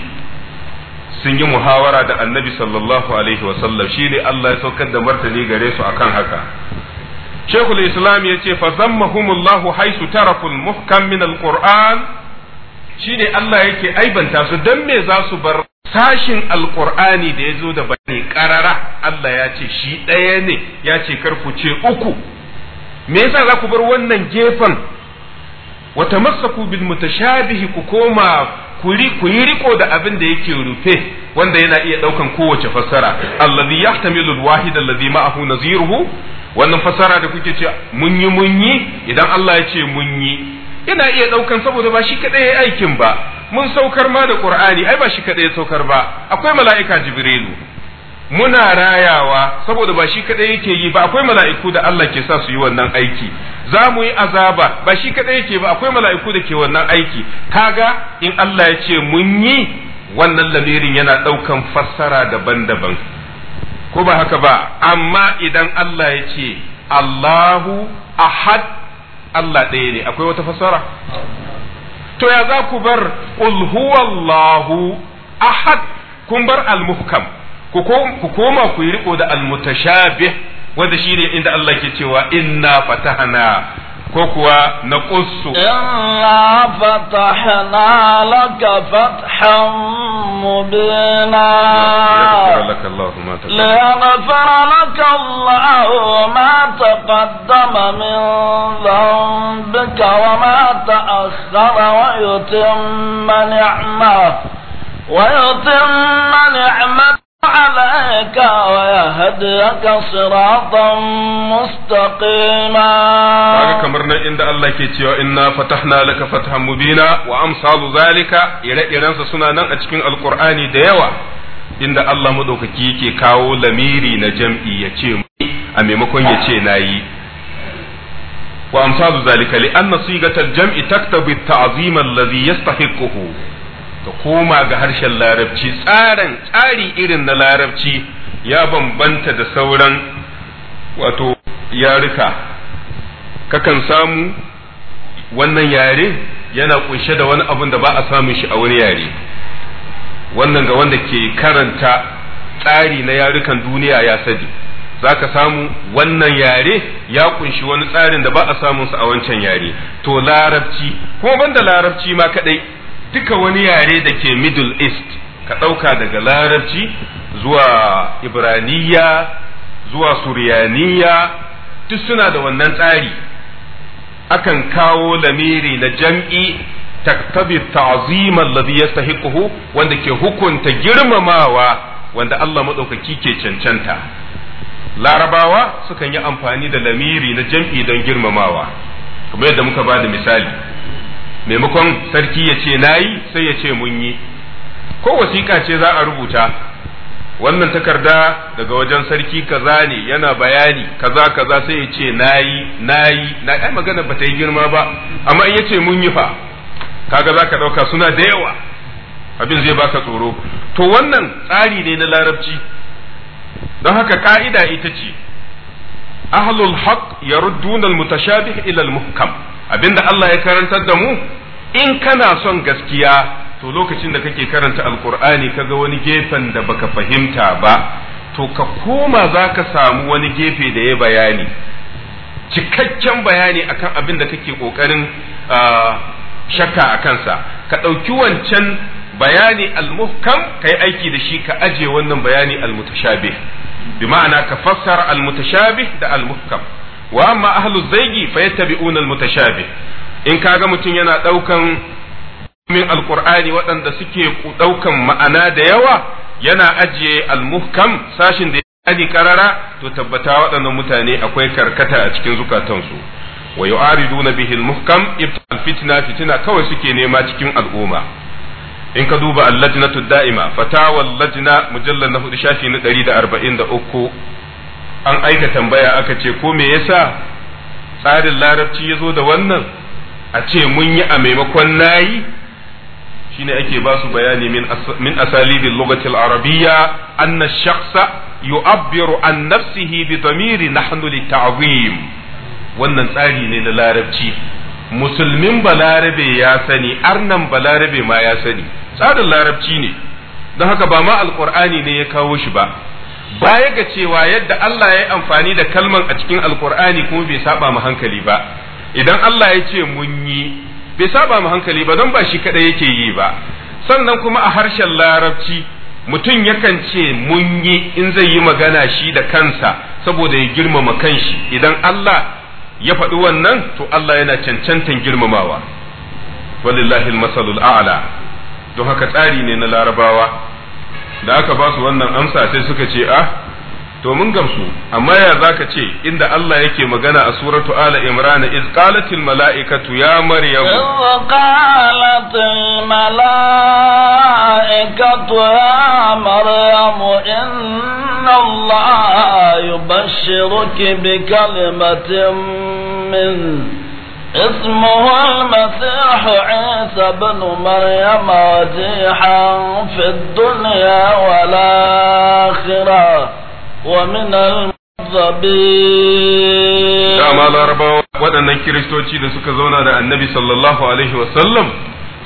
sun yi muhawara da annabi sallallahu alaihi wasallam shi ne Allah ya saukar da martani gare su akan haka shekul islam ya ce fa haisu tarakul muhkam min alquran shine Allah yake aibanta su dan me za su bar sashin alqur'ani da ya zo da bane karara Allah ya ce shi ɗaya ne ya ce kar ku ce uku me yasa za ku bar wannan gefen wata masaku bil mutashabihi ku koma ku yi riko da abin da yake rufe wanda yana iya daukan kowace fassara allazi yahtamilu alwahid allazi ma'ahu naziruhu wannan fassara da kuke ce mun yi mun yi idan Allah ya ce mun yi yana iya daukan saboda ba shi kadai aikin ba mun saukar ma da qur'ani ai ba shi kadai saukar ba akwai mala'ika jibrilu muna rayawa saboda ba shi kadai yake yi ba akwai mala'iku da Allah ke sa su yi wannan aiki za mu yi azaba ba shi kadai yake ba akwai mala'iku da ke wannan aiki kaga in Allah ya ce mun yi wannan lamirin yana daukan fassara daban-daban ko ba haka ba amma idan Allah ya ce Allahu ahad Allah ɗaya ne akwai wata fassara to ya za ku bar qul ahad kun bar almuhkam? ku koma ku yi riko da almutashabih wanda shine inda Allah ke cewa inna fatahna ko kuwa na ƙusu. Inna fatahna laka fathan mubina. ليغفر لك الله ما تقدم من ذنبك وما تأخر ويتم نعمه ويتم نعمته عليك ويهديك صراطا مستقيما هذا كمرنا عند الله كيتيو إنا فتحنا لك فتحا مبينا وأمثال ذلك إلى إيران سنانا أتكين القرآن ديوة عند الله مدوك كيكي كاو لميري نجمعي يتيم أمي مكون يتيناي وأمثال ذلك لأن صيغة الجمع تكتب التعظيم الذي يستحقه ka koma ga harshen larabci tsarin tsari irin na larabci ya bambanta da sauran wato yaruka kakan samu wannan yare yana kunshe da wani abun da ba a samun shi a wani yare wannan ga wanda ke karanta tsari na yarukan duniya ya sadi za ka samu wannan yare ya kunshi wani tsarin da ba a samunsa a wancan yare to larabci kuma banda larabci ma kadai duka wani yare da ke middle east ka ɗauka daga larabci zuwa ibraniya zuwa suriyaniya duk suna da wannan tsari akan kawo lamiri na jam'i taktabi ta'zima alladhi yastahiquhu wanda ke hukunta girmamawa wanda Allah maɗaukaki ke cancanta larabawa sukan yi amfani da lamiri na jam'i don girmamawa kamar yadda muka ba da misali maimakon sarki ya ce na yi sai ya ce mun yi ko wasiƙa ce za a rubuta wannan takarda daga wajen sarki kaza ne yana bayani kaza kaza sai ya ce na yi na yi na ai magana ba ta yi girma ba amma in ya ce mun yi fa kaga za ka ɗauka suna da yawa abin zai baka tsoro to wannan tsari ne na larabci don haka ka'ida ita ce ahlul haq yarudduna al-mutashabih ila al-muhkam abinda Allah ya karantar da mu in kana son gaskiya to lokacin da kake karanta alkur'ani kaga wani gefen da baka fahimta ba to ka koma za ka samu wani gefe da ya bayani cikakken bayani akan abin da kake ƙoƙarin shakka a kansa ka ɗauki wancan bayani almuhkam ka yi aiki da shi ka aje wannan bayani almutashabih bi ma'ana ka fassara almutashabih da almuhkam wa amma ahlu zaigi fa yattabi'una al-mutashabih in kaga mutum yana daukan min alqur'ani waɗanda suke daukan ma'ana da yawa yana ajiye almuhkam sashin da aji karara to tabbata waɗannan mutane akwai karkata a cikin zukatansu wa yu'ariduna bihi al-muhkam ibtal fitna fitina kawai suke nema cikin al'umma in ka duba allajnatu da'ima fatawa al-lajna mujallal na hudu shafi na 143 an aika tambaya aka ce ko me yasa tsarin larabci ya zo da wannan a ce mun yi a maimakon nayi shine ake ba su bayani min asalibin lugatil arabiyya anna yu'abbiru an nafsihi bi damiri nahnu lita'zim wannan tsari ne na larabci musulmin balarabe ya sani arnan balarabe ma ya sani tsarin larabci ne don haka ba ma alƙur'ani ne ya kawo shi ba baya ga cewa yadda Allah ya yi amfani da kalman a cikin alkur'ani kuma bai saba mu hankali ba idan Allah ya ce mun yi bai saba mu hankali ba don ba shi kadai yake yi ba sannan kuma a harshen larabci mutum yakan ce mun yi in zai yi magana shi da kansa saboda ya girmama kanshi idan Allah ya faɗi wannan to Allah yana cancantan girmamawa walillahi masalul a'la don haka tsari ne na larabawa da aka ba su wannan amsa sai suka ce ah to mun gamsu amma ya zaka ce inda Allah yake magana a suratu ala imran iz qalatil malaikatu ya maryam wa qalatil malaikatu ya maryam inna Allah yubashshiruki bi kalimatin min اسمه المسيح عيسى بن مريم وجيحا في الدنيا والآخرة ومن المذبين دعما الأربعة waɗannan kiristoci da suka zauna da annabi sallallahu alaihi wasallam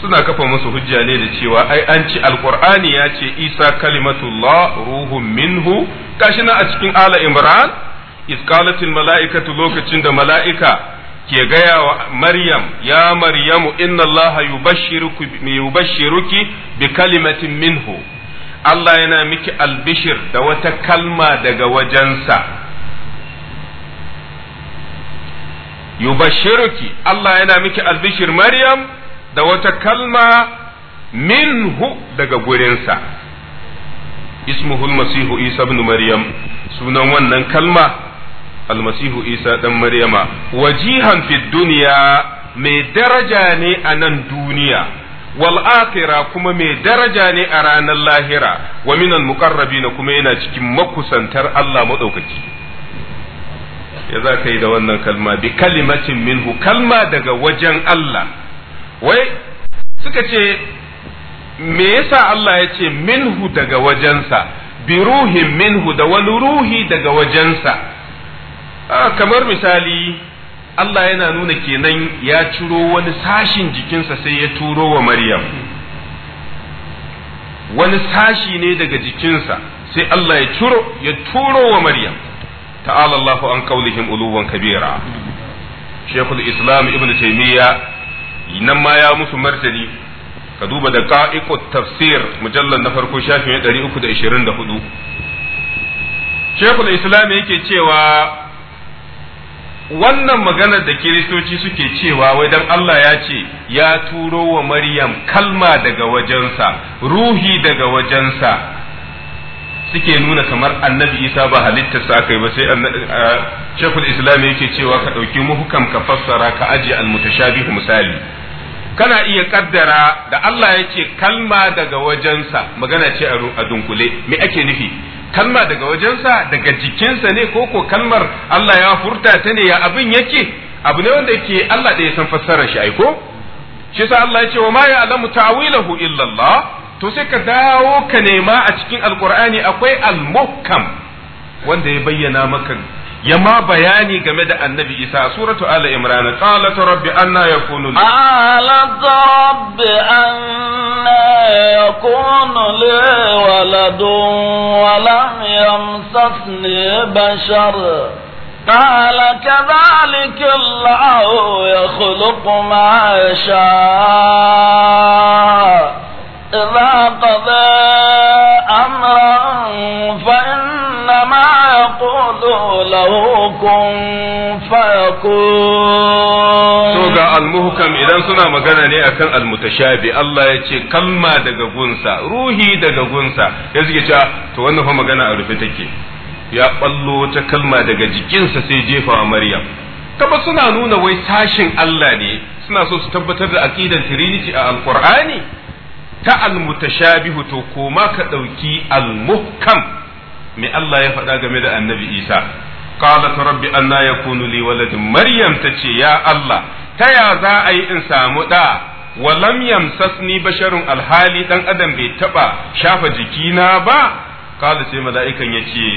suna kafa musu hujja ne da cewa ai an ci alkur'ani ya ce isa kalimatullah ruhu minhu gashi na a cikin ala imran iskalatin mala'ikatu lokacin da mala'ika ke gaya wa Maryam ya Maryamu inna Allah yubashshiruki bi kalimatin minhu Allah yana miki albishir da wata kalma daga wajensa yubashshiruki Allah yana miki albishir Maryam da wata kalma minhu daga gurinsa ismuhul masihu isa ibn Maryam sunan wannan kalma almasihu isa dan maryama wajihan fi duniya mai daraja ne a nan duniya wal akhira kuma mai daraja ne a ranar lahira wa minal na kuma yana cikin makusantar Allah madaukaki ya za ka yi da wannan kalma bi kalimacin minhu kalma daga wajen Allah wai suka ce me yasa Allah ya ce minhu daga wajensa bi ruhin minhu da wani ruhi daga wajensa kamar misali Allah yana nuna kenan ya ciro wani sashin jikinsa sai ya turo wa Maryam wani sashi ne daga jikinsa sai Allah ya ciro ya turo wa Maryam ta'ala Allahu an kaulihim uluwan kabira Sheikhul Islam Ibn Taymiyyah nan ma ya musu martani ka duba da qa'iqut tafsir mujallal na farko shafin 324 Sheikhul Islam yake cewa wannan maganar da kiristoci suke cewa wai dan Allah ya ce ya turo wa Maryam kalma daga wajensa ruhi daga wajensa suke nuna kamar annabi isa ba halittar sa kai ba sai shekul islam yake cewa ka ɗauki muhukam ka fassara ka ajiye almutashabihu misali kana iya kaddara da Allah ya ce kalma daga wajensa magana ce a dunkule me ake nufi kalma daga wajensa daga jikinsa ne ko ko kalmar Allah ya furta ta ne ya abin yake abu ne wanda yake Allah da ya san fassarar shi aiko shi yasa Allah ya ce wa ma ya alamu ta'wilahu illa Allah to sai ka dawo ka nema a cikin alqur'ani akwai al-muhkam wanda ya bayyana maka يا ما بياني جمد النبي إساء سورة آل إمران قالت رب أنا يكون لي قالت رب أنا يكون لي ولد ولم يمسسني بشر قال كذلك الله يخلق ما يشاء إذا قضى أمرا فإن ga idan suna magana ne akan almutashabi Allah ya ce yace kalma gunsa, ruhi daga gunsa ya قنسا cewa to wannan fa magana a rufe take, ya ɓallo ta kalma daga jikinsa sai jefa wa Maryam. Kaba suna nuna wai sashin Allah ne suna so su tabbatar da aqidan Trinity a Alƙur'ani ta almutashabihu to koma ka ɗauki almuhkam me Allah ya faɗa game da annabi Isa qalat rabbi anna yakunu li waladin maryam tace ya Allah ta ya za a yi in samu da wa lam yamsasni basharun alhali dan adam bai taba shafa jikina ba qala sai mala'ikan yace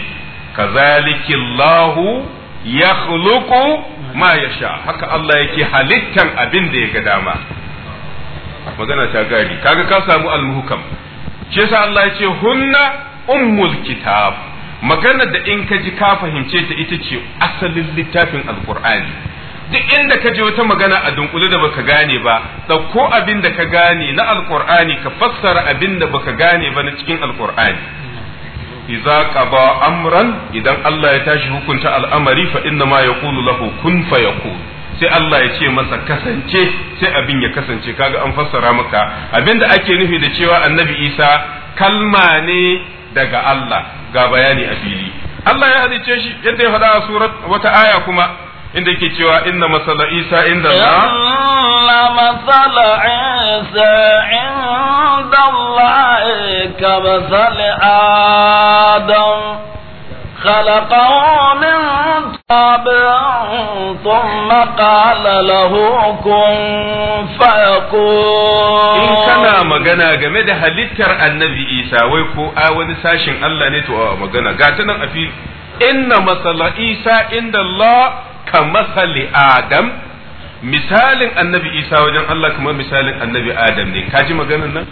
kazalikilahu yakhluqu ma yasha haka Allah yake halittan abin da ya ga dama magana ta gari kaga ka samu almuhkam shi yasa Allah yace hunna ummul kitab maganar da in ka ji ka fahimce ta ita ce asalin littafin alkur'ani duk inda ka je wata magana a dunkule da baka gane ba ɗauko abin da ka gane na alkur'ani ka fassara abin da baka gane ba na cikin alkur'ani idza qada amran idan Allah ya tashi hukunta al'amari fa inna ma yaqulu lahu kun yaqul sai Allah ya ce masa kasance sai abin ya kasance kaga an fassara maka abin da ake nufi da cewa annabi Isa kalma ne daga Allah ga bayani a fili Allah ya halice shi yadda ya faɗa a surat wata aya kuma inda yake cewa inna masala Isa inda Allah inna masala Isa inda Allah ka masala Adam خلقه من تراب ثم قال له كن فيكون in kana magana game da halittar annabi isa wai ko wani sashin Allah ne to a magana ga nan a fili inna masala isa inda Allah ka masali adam misalin annabi isa wajen Allah kamar misalin annabi adam ne ka ji maganar nan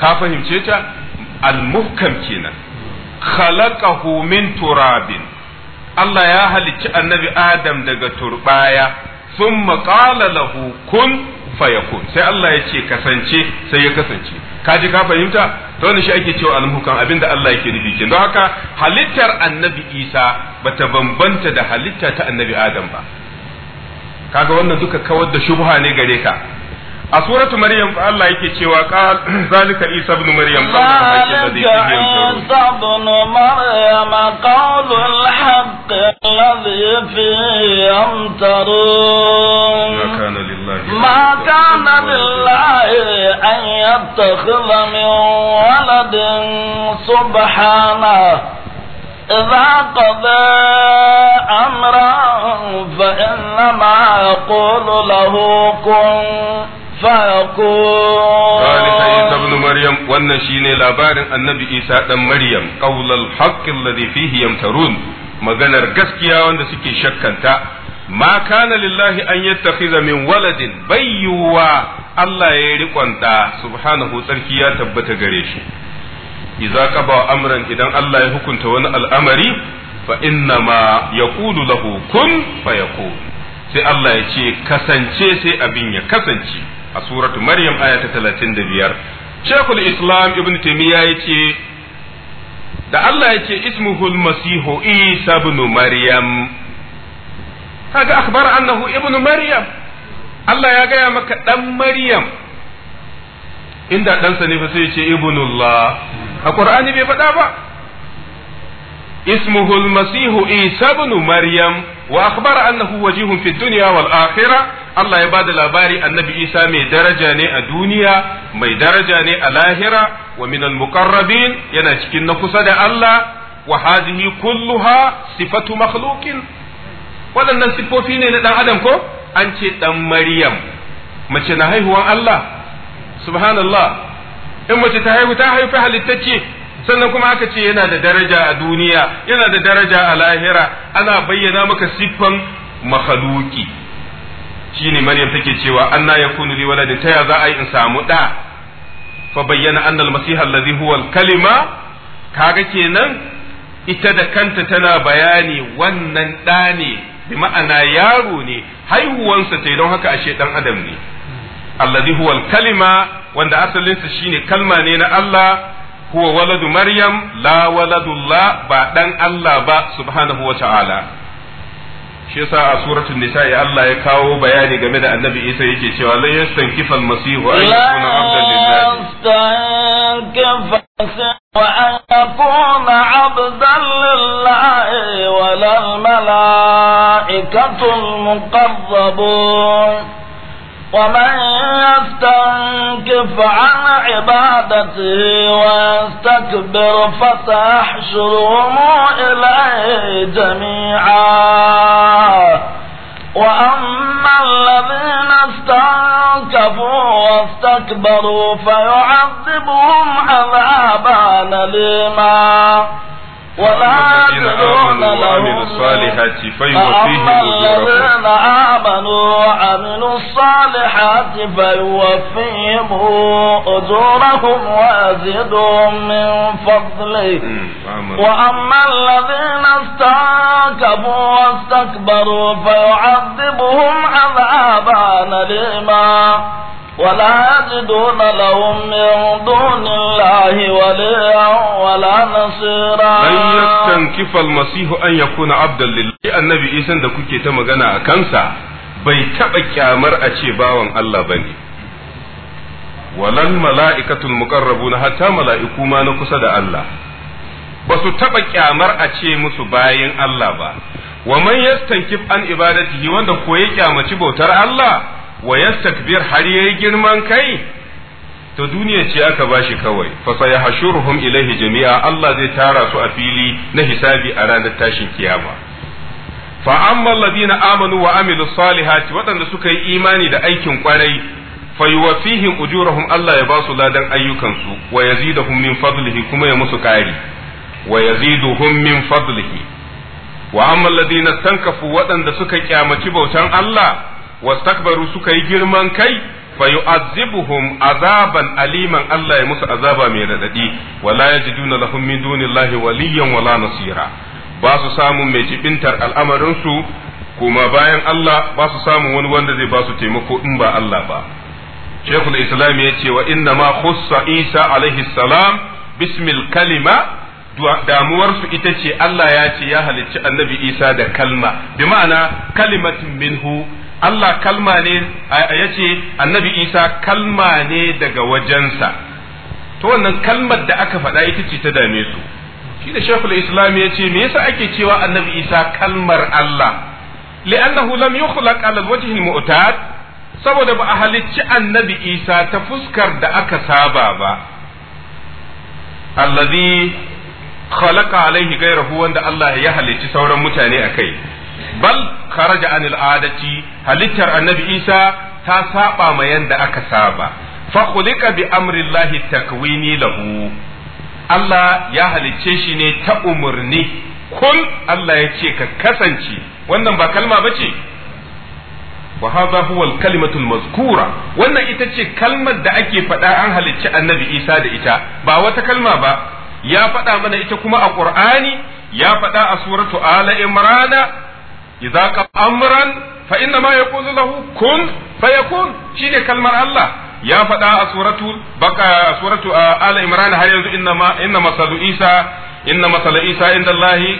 ka fahimce ta al-muhkam kenan khalaqahu min turabin Allah ya halicci annabi Adam daga turbaya thumma qala lahu kun fayakun sai Allah ya ce kasance sai ya kasance kaji ka fahimta to ne shi ake cewa almuhkan abinda Allah yake nufi ke don haka halittar annabi Isa bata bambanta da halitta ta annabi Adam ba kaga wannan duka kawar da shubha ne gare ka a suratu maryam fa Allah yake cewa qal zalika isa ibn maryam zalika isa ibn maryam qawlul haqq alladhi fihi yamtarun ma kana lillahi an yattakhidha min waladin subhanahu إذا قضى أمرا فإنما يقول له كن فيقول ذلك عيسى ابن مريم وان شيني لابار النبي عيسى دان مريم قول الحق الذي فيه يمترون maganar gaskiya wanda suke shakkanta ma kana lillahi an yattakhidha min waladin bayyuwa Allah ya riƙon da subhanahu tsarki ya tabbata gare shi idza qaba amran idan Allah ya hukunta wani al'amari fa inna ma yaqulu lahu kun fayakun sai Allah ya ce kasance sai abin ya kasance a suratu maryam aya ta talatin da biyar. shekul islam ibn ya ce, da Allah ya ce ismuhul masihu isa ibn maryam kaga akbar annahu ibn maryam Allah ya gaya maka dan maryam inda ɗansa ne fa sai ya ce ibnullah a ƙur'ani bai faɗa ba اسمه Masihu Isabnu Maryam wa واخبر انه wajihun في الدنيا والاخره الله ya da labari annabi Isa mai daraja ne a duniya mai daraja ne a lahira wa min almuqarrabin yana cikin na kusa da Allah wa hadhihi kulluha sifatu makhluqin waɗannan siffofi ne na ɗan adam ko an ce dan Maryam mace na haihuwan Allah subhanallah in mace ta haihu ta haifi halittacce sannan kuma aka ce yana da daraja a duniya yana da daraja a lahira ana bayyana maka siffan makhluki shine maryam take cewa anna yakunu li waladin taya za a yi in samu da fa bayyana anna al alladhi huwa al-kalima kaga kenan ita da kanta tana bayani wannan da ne bi ma'ana yaro ne haihuwansa ta don haka ashe dan adam ne alladhi huwa kalima wanda asalinsa shine kalma ne na Allah huwa waladu maryam la waladullah ba dan Allah ba subhanahu wata'ala shi yasa a suratul nisa'i Allah ya kawo bayani game da annabi Isa yake cewa la yastankifa al-masihu an yakuna abdan lillah وأن يكون عبدا لله ولا الملائكة المقربون ومن يستنكف عن عبادته يستكبر فتحشرهم إليه جميعا وأما الذين استنكفوا واستكبروا فيعذبهم عذابا أليما والذين آمنوا وعملوا الصالحات فيوفيهم أجورهم آمنوا وعملوا الصالحات فيوفيهم أجورهم ويزيدهم من فضله وأما الذين استنكبوا واستكبروا فيعذبهم عذابا أليما ولا يجدون لهم من دون الله وليا ولا نصيرا لن يستنكف المسيح أن يكون عبدا لله النبي إيسان da kuke ta magana a kansa bai taɓa ƙyamar a ce bawan Allah ba ne walal mala'ikatul muqarrabuna hatta mala'iku ma na kusa da Allah ba su taɓa ƙyamar a ce musu bayan Allah ba wa man yastankif an ibadatihi wanda koyi kyamaci bautar Allah wa yastakbir har yayi girman kai to duniya ce aka bashi kawai fa sayahshuruhum ilaihi jami'a Allah zai tara su a fili na hisabi a ranar tashin kiyama fa amma alladhina amanu wa amilus salihati waɗanda suka yi imani da aikin kwarai fa yuwaffihim ujurahum Allah ya basu ladan ayyukansu wa yazidahum min fadlihi kuma ya musu kari wa yaziduhum min fadlihi wa amma alladhina tankafu waɗanda suka kyamaci bautan Allah wastakbaru suka yi girman kai fa yu'azzibuhum azaban aliman Allah ya musu azaba mai radadi wala yajiduna lahum min dunillahi waliyyan wala nasira ba su samun mai jibintar al'amarin kuma bayan Allah ba su samun wani wanda zai ba su taimako in ba Allah ba Sheikhul Islam ya ce wa inna ma Isa alaihi salam bismil kalima damuwarsu ita ce Allah ya ce ya halicci annabi Isa da kalma bi ma'ana kalimatin minhu Allah kalma ne ya ce annabi Isa kalma ne daga wajensa to wannan kalmar da aka faɗa ita ce ta dame su shi da shekul islam ya ce me yasa ake cewa annabi Isa kalmar Allah li'annahu lam yukhlaq ala wajhi mu'tad saboda ba a halicci annabi Isa ta fuskar da aka saba ba allazi khalaqa alaihi gairahu wanda Allah ya halicci sauran mutane akai bal kharaja anil adati halittar annabi isa ta saba ma yanda aka saba fa khuliqa bi amrillahi takwini lahu Allah ya halicce shi ne ta umurni kun Allah ya ce ka kasance wannan ba kalma bace wa hadha huwa al-kalimatu al-mazkura wannan ita ce kalmar da ake faɗa an halicci annabi Isa da ita ba wata kalma ba ya faɗa mana ita kuma a Qur'ani ya faɗa a suratu Ala Imrana إذا قضى أمرا فإنما يقول له كن فيكون شيء كلمة الله يا فدا سورة بقى سورة آه، آل عمران هل ينزل إنما إن مثل عيسى إن مثل عيسى عند الله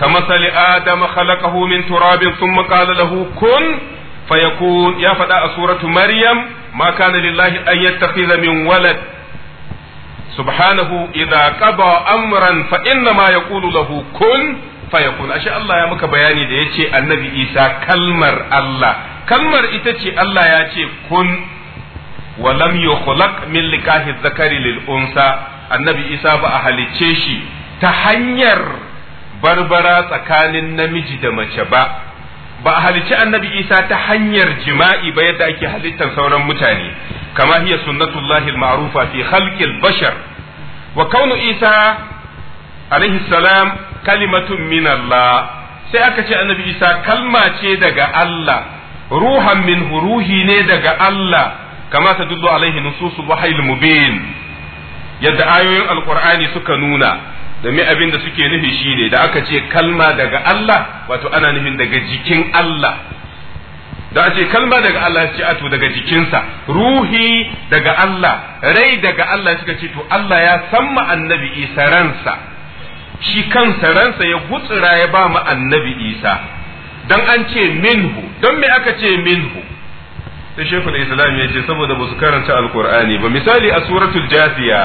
كمثل آدم خلقه من تراب ثم قال له كن فيكون يا فدا سورة مريم ما كان لله أن يتخذ من ولد سبحانه إذا قضى أمرا فإنما يقول له كن fayakun ashe Allah ya muka bayani da yace annabi Isa kalmar Allah kalmar ita ce Allah ya ce kun walam lam yukhlaq min likahi zakari lil unsa annabi Isa ba a halicce shi ta hanyar barbara tsakanin namiji da mace ba ba a halicci annabi Isa ta hanyar jima'i ba yadda ake halittar sauran mutane kama hiya sunnatullahi marufa fi khalqil bashar wa kaunu Isa alaihi salam kalimatun min Allah sai aka ce annabi Isa kalma ce daga Allah ruhan min ruhi ne daga Allah kama ta dullu alaihi nususul wahayil mubin yadda ayoyin alqur'ani suka nuna domin abin da suke nufi shine da aka ce kalma daga Allah wato ana nufin daga jikin Allah da a ce kalma daga Allah ce ato daga jikinsa ruhi daga Allah rai daga Allah suka ce to Allah ya samma annabi isa ransa shi kansa ransa ya gutsura ya ba mu annabi isa dan an ce minhu don me aka ce minhu sai shekul islam ya ce saboda ba su karanta alkur'ani ba misali a suratul jafiya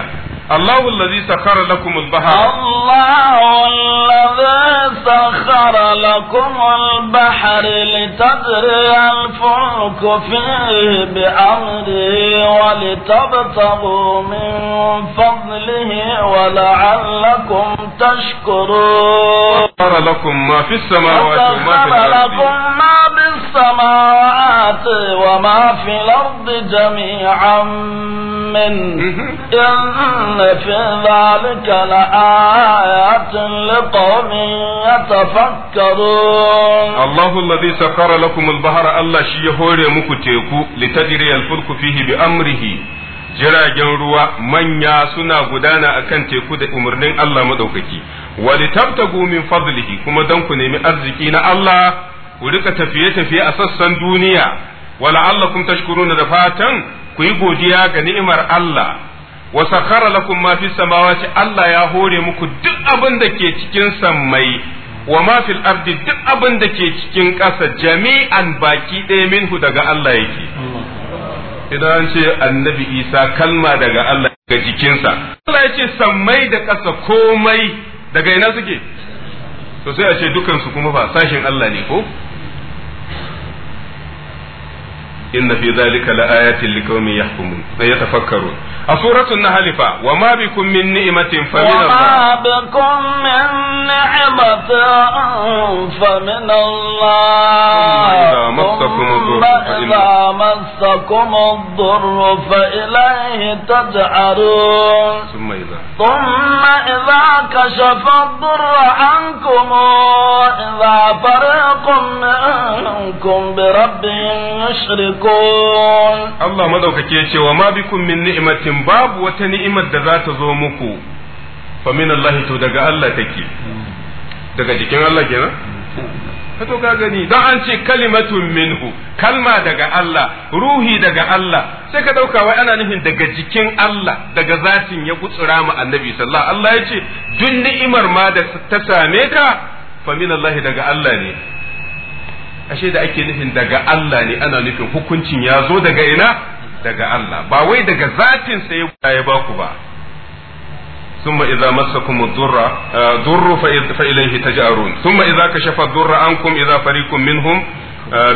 الله الذي سخر لكم البحر الله الذي سخر لكم البحر لتجري الفلك فيه بأمره ولتبتغوا من فضله ولعلكم تشكرون سخر لكم ما في السماوات وما في الأرض السماوات وما في الأرض جميعا منه إن في ذلك لآيات لقوم يتفكرون الله الذي سخر لكم البحر الله شي هوري muku teku litajri alfulku fihi bi jiragen ruwa manya suna gudana akan teku da umarnin Allah madaukaki wa litabtagu min fadlihi kuma dan ku nemi arziki na Allah ku rika tafiye-tafiye a sassan duniya wala'allakum tashkuruna da fatan ku yi godiya ga ni'imar Allah wa sakhara lakum ma fi samawati Allah ya hore muku duk abin da ke cikin sammai wa ma fil ardi duk abin da ke cikin ƙasa jami'an baki ɗaya minhu daga Allah yake idan an ce annabi Isa kalma daga Allah ga jikinsa Allah ya ce sammai da ƙasa komai daga ina suke to sai a ce dukansu kuma ba sashin Allah ne ko إن في ذلك لآيات لقوم يحكمون فيتفكرون أصورة النحل وما بكم من نعمة فمن الله وما بكم من نعمة فمن الله ثم إذا مسكم الضر فإليه تجعلون ثم إذا ثم إذا كشف الضر عنكم إذا فريق منكم بربهم يشركون Allah الله مدوكake yace wa ma bikum min ni'matin babu wata ni'imar da za ta zo muku fa min Allah to daga Allah take daga jikin Allah kenan to ka gani dan an ce kalimatun minhu kalma daga Allah ruhi daga Allah sai ka dauka wai ana nufin daga jikin Allah daga zatin ya gutsura mu annabi sallallahu Allah ya ce duk ni'imar ma da ta same ta fa min Allah daga Allah ne ashe da ake nufin daga Allah ne ana nufin hukuncin ya zo daga ina daga Allah ba wai daga zatin sa ya baku ba ثم إذا مسكم الضر ضر فإليه تجأرون ثم إذا كشف الضر عنكم إذا فريق منهم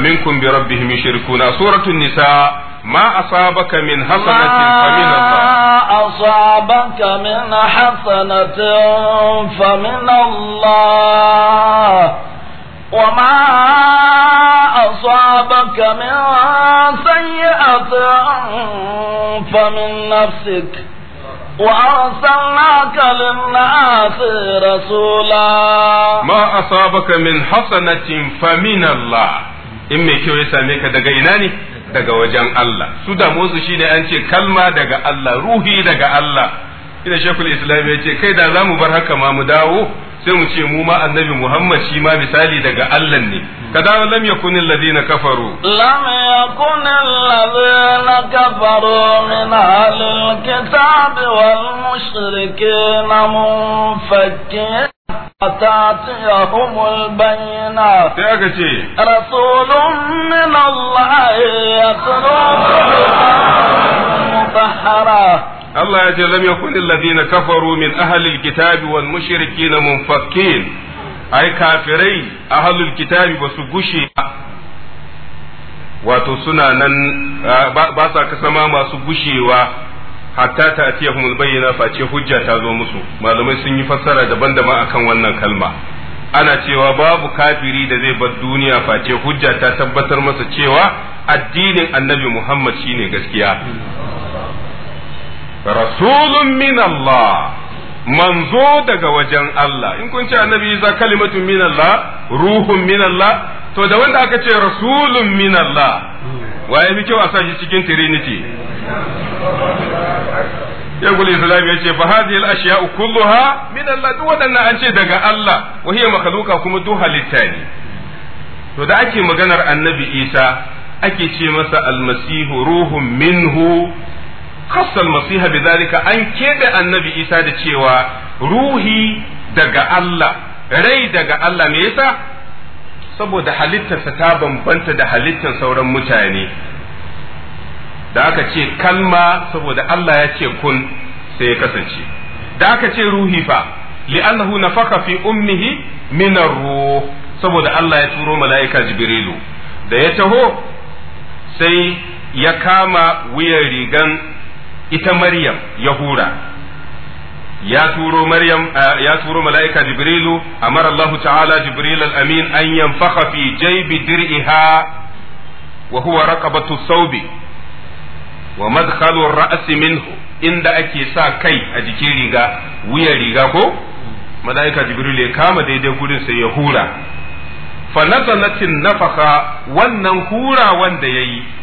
منكم بربهم يشركون سورة النساء ما أصابك من حسنة فمن الله ما أصابك من حسنة فمن الله وما أصابك من سيئة فمن نفسك وأرسلناك للناس رسولا ما أصابك من حسنة فمن الله in mai kyau ya same ka daga ina ne daga wajen Allah su damuwarsu shine an ce kalma daga Allah ruhi daga Allah ina shekul islam ya ce kai da za mu bar haka ma mu dawo sai mu ce mu ma annabi Muhammad shi ma misali daga Allah ne kada lam yakun alladhina kafaru lam yakun alladhina kafaru min ahlil kitab wal mushrikin munfakin أتاتيهم البينات رسول من الله يخرج مطهرا Allah ya ce lam yakun alladhina kafaru min ahli alkitabi wal mushrikin munfakin ai kafirai ahli alkitabi ba su gushe wato suna nan ba sa kasama masu gushewa hatta ta atiyahum albayyina face hujja ta zo musu malamai sun yi fassara daban-daban akan wannan kalma ana cewa babu kafiri da zai bar duniya face hujja ta tabbatar masa cewa addinin annabi Muhammad shine gaskiya rasulun min Allah manzo daga wajen Allah in kun ce annabi Isa kalimatun min Allah ruhun min Allah to da wanda aka ce rasulun min Allah waye bi kyau a sa shi cikin trinity ya guli islam ya ce fa hadhihi al ashiya'u kulluha min Allah duk wadannan an ce daga Allah wa hiya makhluqa kuma duk halitta ne to da ake maganar annabi Isa ake ce masa almasihu ruhun minhu khassal masiha bidhalika an kebe annabi isa da cewa ruhi daga Allah rai daga Allah me yasa saboda halittarsa ta bambanta da halittar sauran mutane da aka ce kalma saboda Allah ya ce kun sai ya kasance da aka ce ruhi fa li'annahu nafaka fi ummihi min ruh saboda Allah ya turo mala'ika jibrilu da ya taho sai ya kama wuyan rigan ita maryam yahura ya turo maryam ya turo mala'ika jibrilu amara Allah ta'ala jibril al-amin an yanfakha fi jaybi dir'iha wa huwa raqabatu thawbi wa madkhalu ar-ra's minhu inda ake sa kai a jikin riga wuyan riga ko mala'ika jibril ya kama daidai gurin sai ya hura fa nazalatin nafaka wannan hura wanda yayi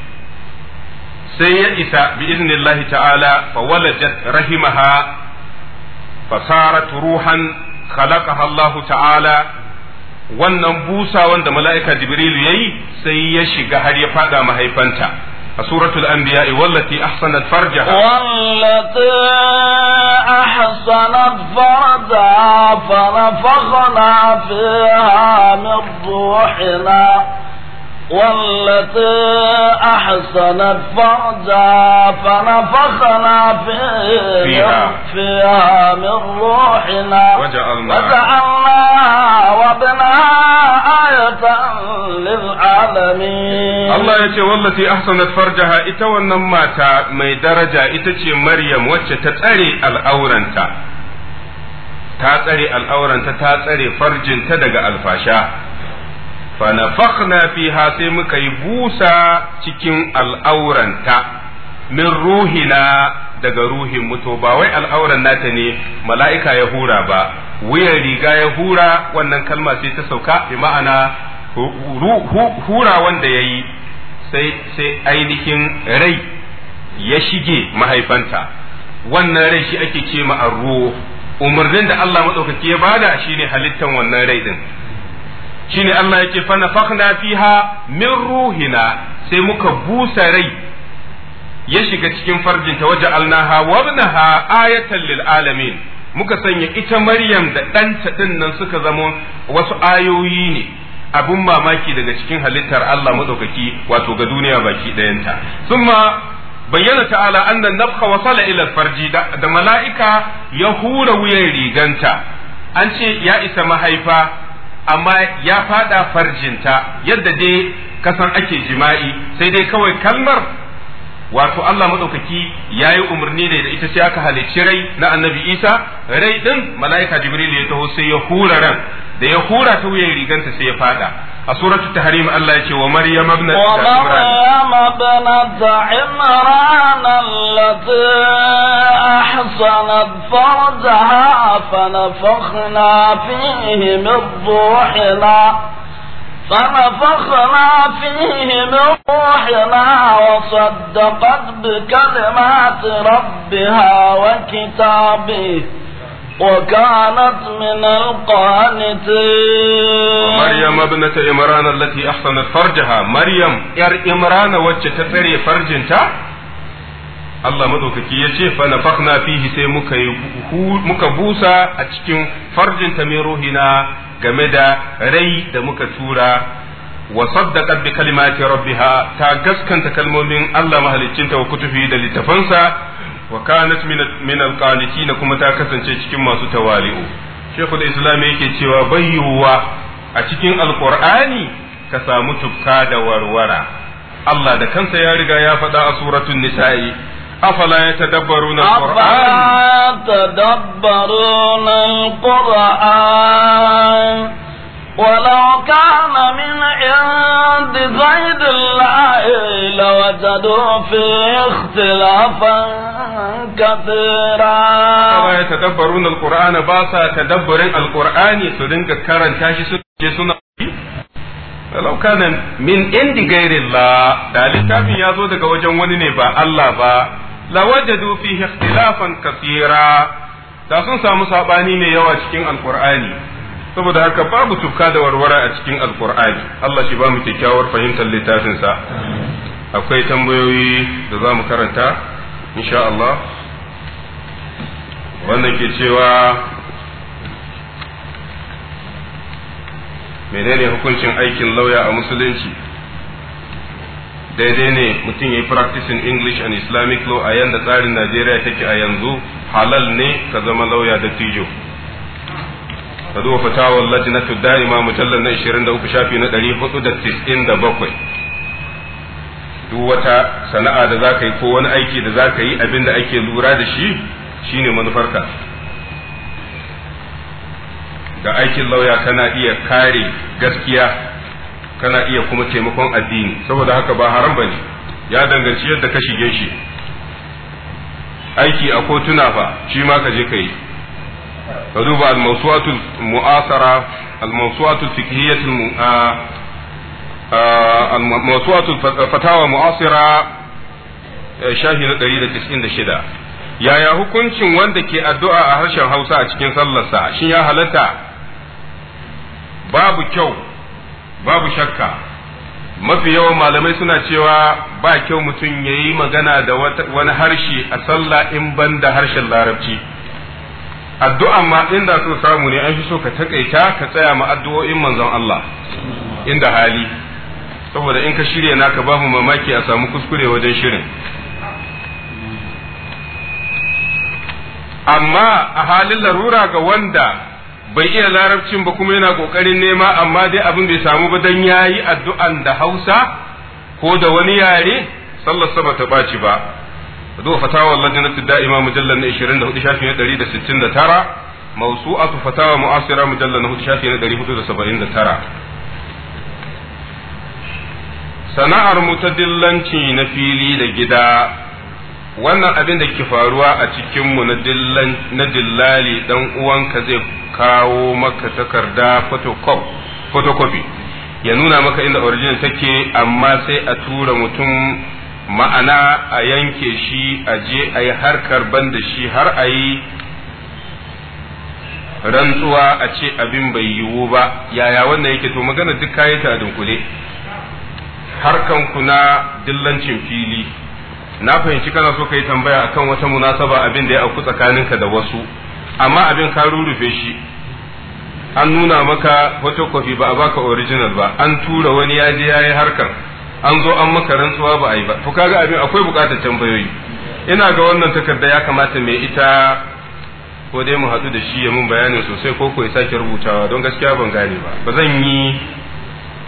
sai ya isa bi iznillahi ta'ala fa walajat rahimaha fa sarat ruhan khalaqaha Allah ta'ala wannan busa wanda mala'ika jibrilu yayi sai ya shiga har ya fada mahaifanta a suratul anbiya wallati ahsanat farjaha wallati ahsanat farjaha fa nafakhna fiha min ruhina والتي أحسنت فرجا فنفخنا فيها, فيها من روحنا وجعلناها وابنها آية للعالمين الله يتي والتي أحسنت فرجها إتونا ماتا مي درجة إتتي مريم وتتأري الأورنتا ta الأورنتا al'auranta فرج تدق الفاشا fanafakhna fiha sai muka yi busa cikin al'auranta min ruhina daga ruhin mutu ba wai al'auran nata ne mala'ika ya hura ba wuyan riga ya hura wannan kalma sai ta sauka bi ma'ana hura wanda ya yi sai ainihin rai ya shige mahaifanta wannan rai shi ake ce ma umarnin da Allah maɗaukaki ya bada shine halittan wannan rai din shine Allah yake fa nafakhna fiha min ruhina sai muka busa rai ya shiga cikin farjinta waje alnaha wa ibnaha ayatan lil alamin muka sanya ita Maryam da ɗanta ɗinnan nan suka zama wasu ayoyi ne abun mamaki daga cikin halittar Allah madaukaki wato ga duniya baki ɗayanta summa bayyana ta'ala annan nafka wasala ila farji da mala'ika ya hura wuyan riganta an ce ya isa mahaifa amma ya fada farjinta yadda dai kasan ake jima'i sai dai kawai kalmar wato Allah madaukaki yayi umarni ne da ita sai aka halicci rai na Annabi Isa rai din malaika Jibril ya taho sai ya hura ran da ya hura ta wuyan riganta sai ya fada a suratul tahrim Allah ce wa maryam ibn wa maryam ibn imran allati ahsanat farjaha fa fihi min ruhina فنفخنا فيه من روحنا وصدقت بكلمات ربها وكتابه وكانت من القانتين ومريم ابنة إمران التي أحسنت فرجها مريم ير إمران وجتفري فرجنتا Allah madaukaki ya ce fa فنفخنا fihi sai muka muka busa a cikin farjinta mai ruhina game da rai da muka tura wa saddaqa bi kalimati rabbiha ta gaskanta kalmomin Allah mahaliccinta wa kutubi da littafansa wa kanat min alqanitina kuma ta kasance cikin masu tawali'u shekul islam yake cewa bayyuwa a cikin alqur'ani ka samu tufka da warwara Allah da kansa ya riga ya faɗa a suratul nisa'i أفلا يتدبرون القرآن أفلا يتدبرون القرآن ولو كان من عند زيد الله لوجدوا فيه اختلافا كثيرا أفلا يتدبرون القرآن باسا تدبر القرآن سدنك كرن تاشي سنة ولو كان من عند غير الله da littafin ya zo daga wajen wani ne ba Allah ba lawajadu fihi ikhtilafan kaseera da sun samu sabani ne yawa cikin alqur'ani saboda haka babu tuka da warwara a cikin alqur'ani Allah shi ba mu kyakkyawar fahimtar littafin sa akwai tambayoyi da za mu karanta insha Allah wannan ke cewa menene hukuncin aikin lauya a musulunci daidai ne mutum ya yi practicing English and Islamic law a yanda tsarin Najeriya take a yanzu halal ne ka zama lauya da tijo. Ka duba na tudda da'ima mujallar na 23 shafi na 497. Duk wata sana'a da za ka yi ko wani aiki da za ka yi abin da ake lura da shi shine manufarka. Da aikin lauya kana iya kare gaskiya kana iya kuma taimakon addini saboda haka ba haram ya danganci yadda ka shige shi aiki a kotuna fa shi ma ka je ka yi ka duba al mu'asara al-mawsu'atul fiqhiyyatul fatawa mu'asira eh, shahi na shida. yaya hukuncin wanda ke addu'a a harshen Hausa a cikin sallarsa shin ya halatta babu kyau babu shakka mafi yawan malamai suna cewa ba kyau mutum ya yi magana da wani harshe a sallah in ban da harshen larabci addu'a ma inda so samu ne an fi so ka takaita ka tsaya ma addu'o'in manzon Allah inda hali saboda in ka shirya naka babu mamaki a samu kuskure wajen shirin amma a halin larura ga wanda bai iya larabcin ba kuma yana kokarin nema amma dai abin bai samu ba dan yayi addu'an da Hausa ko da wani yare sallar sama ta baci ba do fatawa lajnatu da'ima mujallal na 24 shafi na 169 mawsu'atu fatawa mu'asira mujallal na 4 shafi na 479 sana'ar mutadillanci na fili da gida wannan abin da ke faruwa a cikinmu na dillali dan uwanka zai kawo maka takarda photocopy ya nuna maka inda original take amma sai a tura mutum ma'ana a yanke shi a je a yi harkar ban da shi har a yi rantsuwa a ce abin bai yiwu ba yaya wannan yake to magana duk kayi ta dunkule harkan kuna dillancin fili na fahimci kana so ka yi tambaya akan wata munasaba abin da ya auku tsakaninka da wasu amma abin ka rurrufe shi an nuna maka photocopy ba a baka original ba an tura wani ya je yayi harkar an zo an maka rantsuwa ba a yi ba to kaga abin akwai bukatar tambayoyi ina ga wannan takarda ya kamata mai ita ko dai mu haɗu da shi ya mun bayani sosai ko ko ya sake rubutawa don gaskiya ban gane ba ba zan yi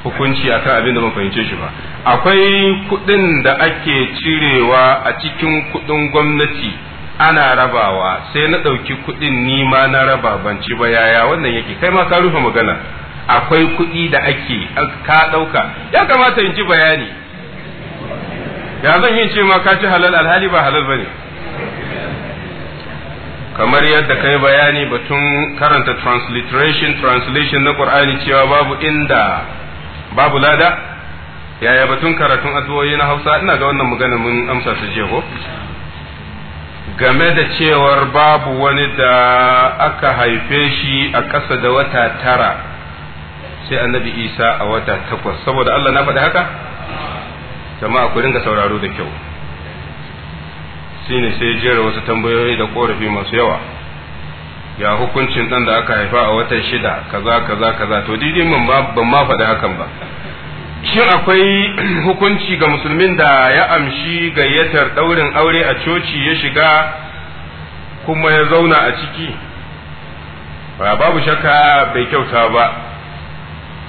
hukunci a kan abin da ban fahimce shi ba akwai kuɗin da ake cirewa a cikin kuɗin gwamnati ana rabawa sai na ɗauki kuɗin ma na raba ban ci ba yaya wannan yake kai ma ka rufe magana akwai kuɗi da ake ka ɗauka ya kamata in ji bayani ya zan yi ce ma ka ci halal alhali ba halal bane kamar yadda kai bayani batun karanta transliteration translation na qur'ani cewa babu inda babu lada yaya batun karatun addu'o'i na Hausa ina ga wannan magana mun amsa su ko? game da cewar babu wani da aka haife shi a ƙasa da wata tara sai annabi Isa a wata takwas saboda Allah na faɗi haka jama'a ku ringa sauraro da kyau shine sai jera wasu tambayoyi da korafi masu yawa ya hukuncin dan da aka haifa a wata shida kaza kaza kaza to didi mun ba ban ma faɗi hakan ba shin akwai hukunci ga musulmin da ya amshi gayyatar ɗaurin aure a coci ya shiga kuma ya zauna a ciki Ba babu shakka bai kyauta ba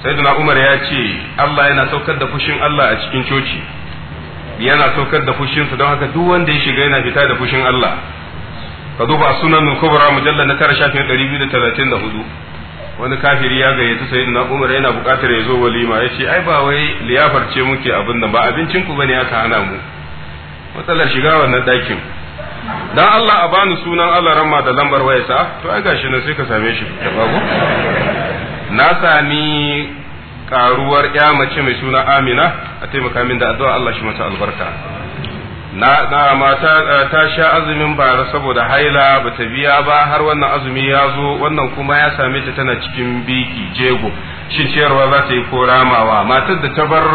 sai umar ya ce Allah yana saukar da fushin Allah a cikin coci yana saukar da fushinsa don haka duk wanda ya shiga yana fita da fushin Allah ka duba sunan kubra mujallal na tara shafin 234 wani kafiri ya gayyaci na Umar yana buƙatar ya zo walima ya ce ai ba wai liyafar ce muke abin nan ba abincin ku bane aka hana mu matsalar shiga wannan dakin. dan Allah a bani sunan Allah ramma da lambar wayarsa to ai gashi nan sai ka same shi da babu na sami karuwar ƴa mace mai suna Amina a taimaka min da addu'a Allah shi mata albarka na mata eh, ta sha azumin bara saboda haila ba ta biya ba har wannan azumi ya zo wannan kuma ya same ta tana cikin biki jego shin ciyarwa za ta yi ko ramawa matar da ta bar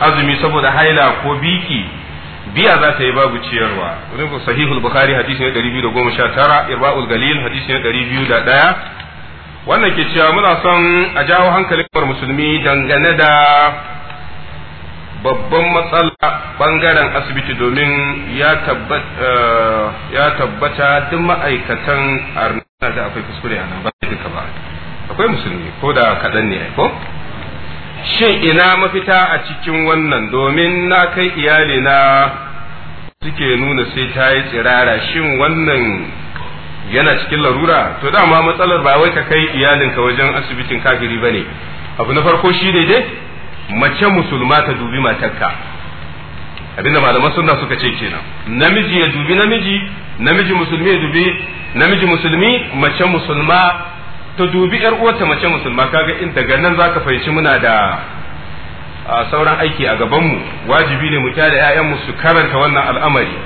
azumi saboda haila ko biki biya za ta yi babu ciyarwa ku sahihul bukhari hadisi ne 219 irba'ul galil hadisi ne 201 wannan ke cewa muna son a jawo hankalin musulmi dangane da babban matsala bangaren asibiti domin eh, ya tabbata duk ma'aikatan arna da akwai kuskure a nan ba duka ba akwai musulmi ko da kaɗan ne ko shin ina mafita a cikin wannan domin na kai iyali na suke nuna sai ta yi tsirara shin wannan yana cikin larura to dama matsalar ba wai ka kai iyalinka wajen asibitin kafiri ba ne abu na farko shi ne dai mace musulma ta dubi matarka abinda malaman sunna suka ce kenan namiji ya dubi namiji namiji musulmi ya dubi namiji musulmi mace musulma ta dubi yar uwarta mace musulma kaga in daga nan zaka fahimci muna da sauran aiki a gabanmu wajibi ne mu kyale 'ya'yanmu su karanta wannan al'amari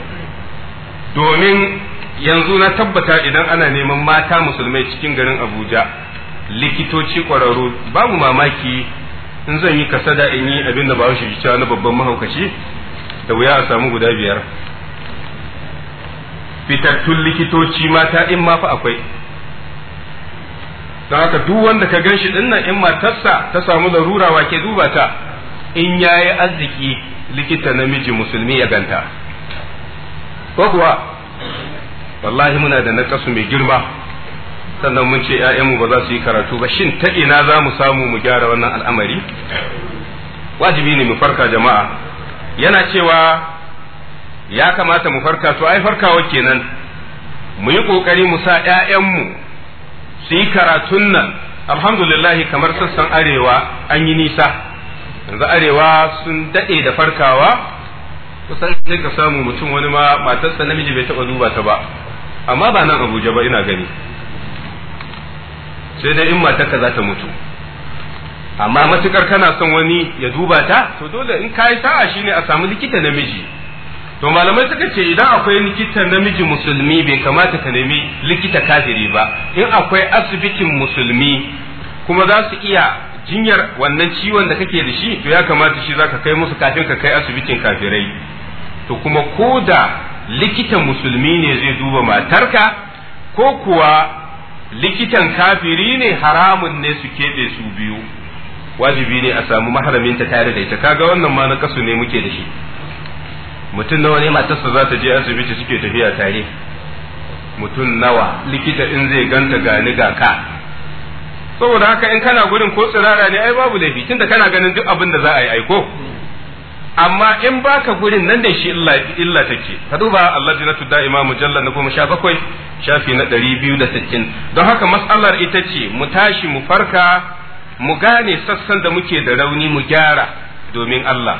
domin yanzu na tabbata idan ana neman mata musulmai cikin garin abuja likitoci kwararru babu mamaki in zan yi kasada in yi abin da bahaushe cewa na babban mahaukaci da wuya a samu guda biyar fitattun likitoci mata in ma fa akwai don haka duk wanda ka gan shi dinnan in matarsa ta samu larura wake ke duba ta in ya yi arziki likita namiji musulmi ya ganta ko kuwa wallahi muna da nakasu mai girma sannan mun ce ‘ya'yanmu ba za su yi karatu ba shin ta ina za mu samu mu gyara wannan al'amari wajibi ne mu farka jama'a yana cewa ya kamata mu farka to ai farkawa kenan mu yi ƙoƙari mu sa ‘ya'yanmu su yi karatun nan alhamdulillahi kamar sassan arewa an yi nisa yanzu arewa sun daɗe da farkawa kusan sai ka samu mutum wani ma matarsa namiji bai taɓa duba ta ba amma ba nan abuja ba ina gani sai dai in matarka za ta mutu amma matukar kana son wani ya duba ta to dole in kayi sa'a shine a samu likita namiji to malamai suka ce idan akwai likita namiji musulmi bai kamata ka nemi likita kafiri ba in akwai asibitin musulmi kuma za su iya jinyar wannan ciwon da kake da shi to ya kamata shi zaka kai musu kafin ka kai asibitin kafirai to kuma ko da likita musulmi ne zai duba matarka ko kuwa likitan kafiri ne haramun ne su keɓe su biyu wajibi ne a samu maharamin ta tare da ita kaga wannan ma na kasu ne muke da shi mutum nawa ne matarsa za ta je asibiti suke tafiya tare mutum nawa likita in zai ganta gani ga ka saboda haka in kana gudun ko tsirara ne ai babu laifi tunda kana ganin duk abin da za a yi aiko amma in baka gurin nan da shi illa illa take ka duba Allah jinatu da'ima mujallal na goma sha bakwai shafi na ɗari biyu da sittin don haka matsalar ita ce mu tashi mu farka mu gane sassan da muke da rauni mu gyara domin Allah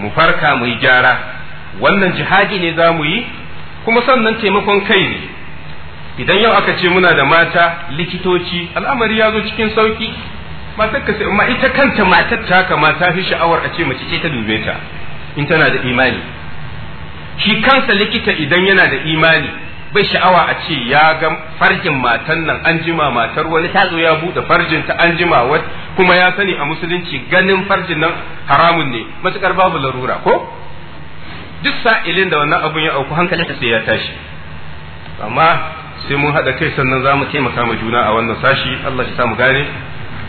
mu farka mu yi gyara wannan jihadi ne za mu yi kuma sannan taimakon kai ne idan yau aka ce muna da mata likitoci al'amari ya zo cikin sauki matar ka sai ita kanta matar ta kama ta fi sha'awar a ce mace ce ta dube ta in tana da imani shi kansa likita idan yana da imani bai sha'awa a ce ya ga farjin matan nan an jima matar wani ta zo ya buɗe farjin ta an jima wat kuma ya sani a musulunci ganin farjin nan haramun ne matukar babu larura ko duk sa'ilin da wannan abun ya auku hankali ta sai ya tashi amma sai mun haɗa kai sannan za mu taimaka ma juna a wannan sashi Allah ya samu gane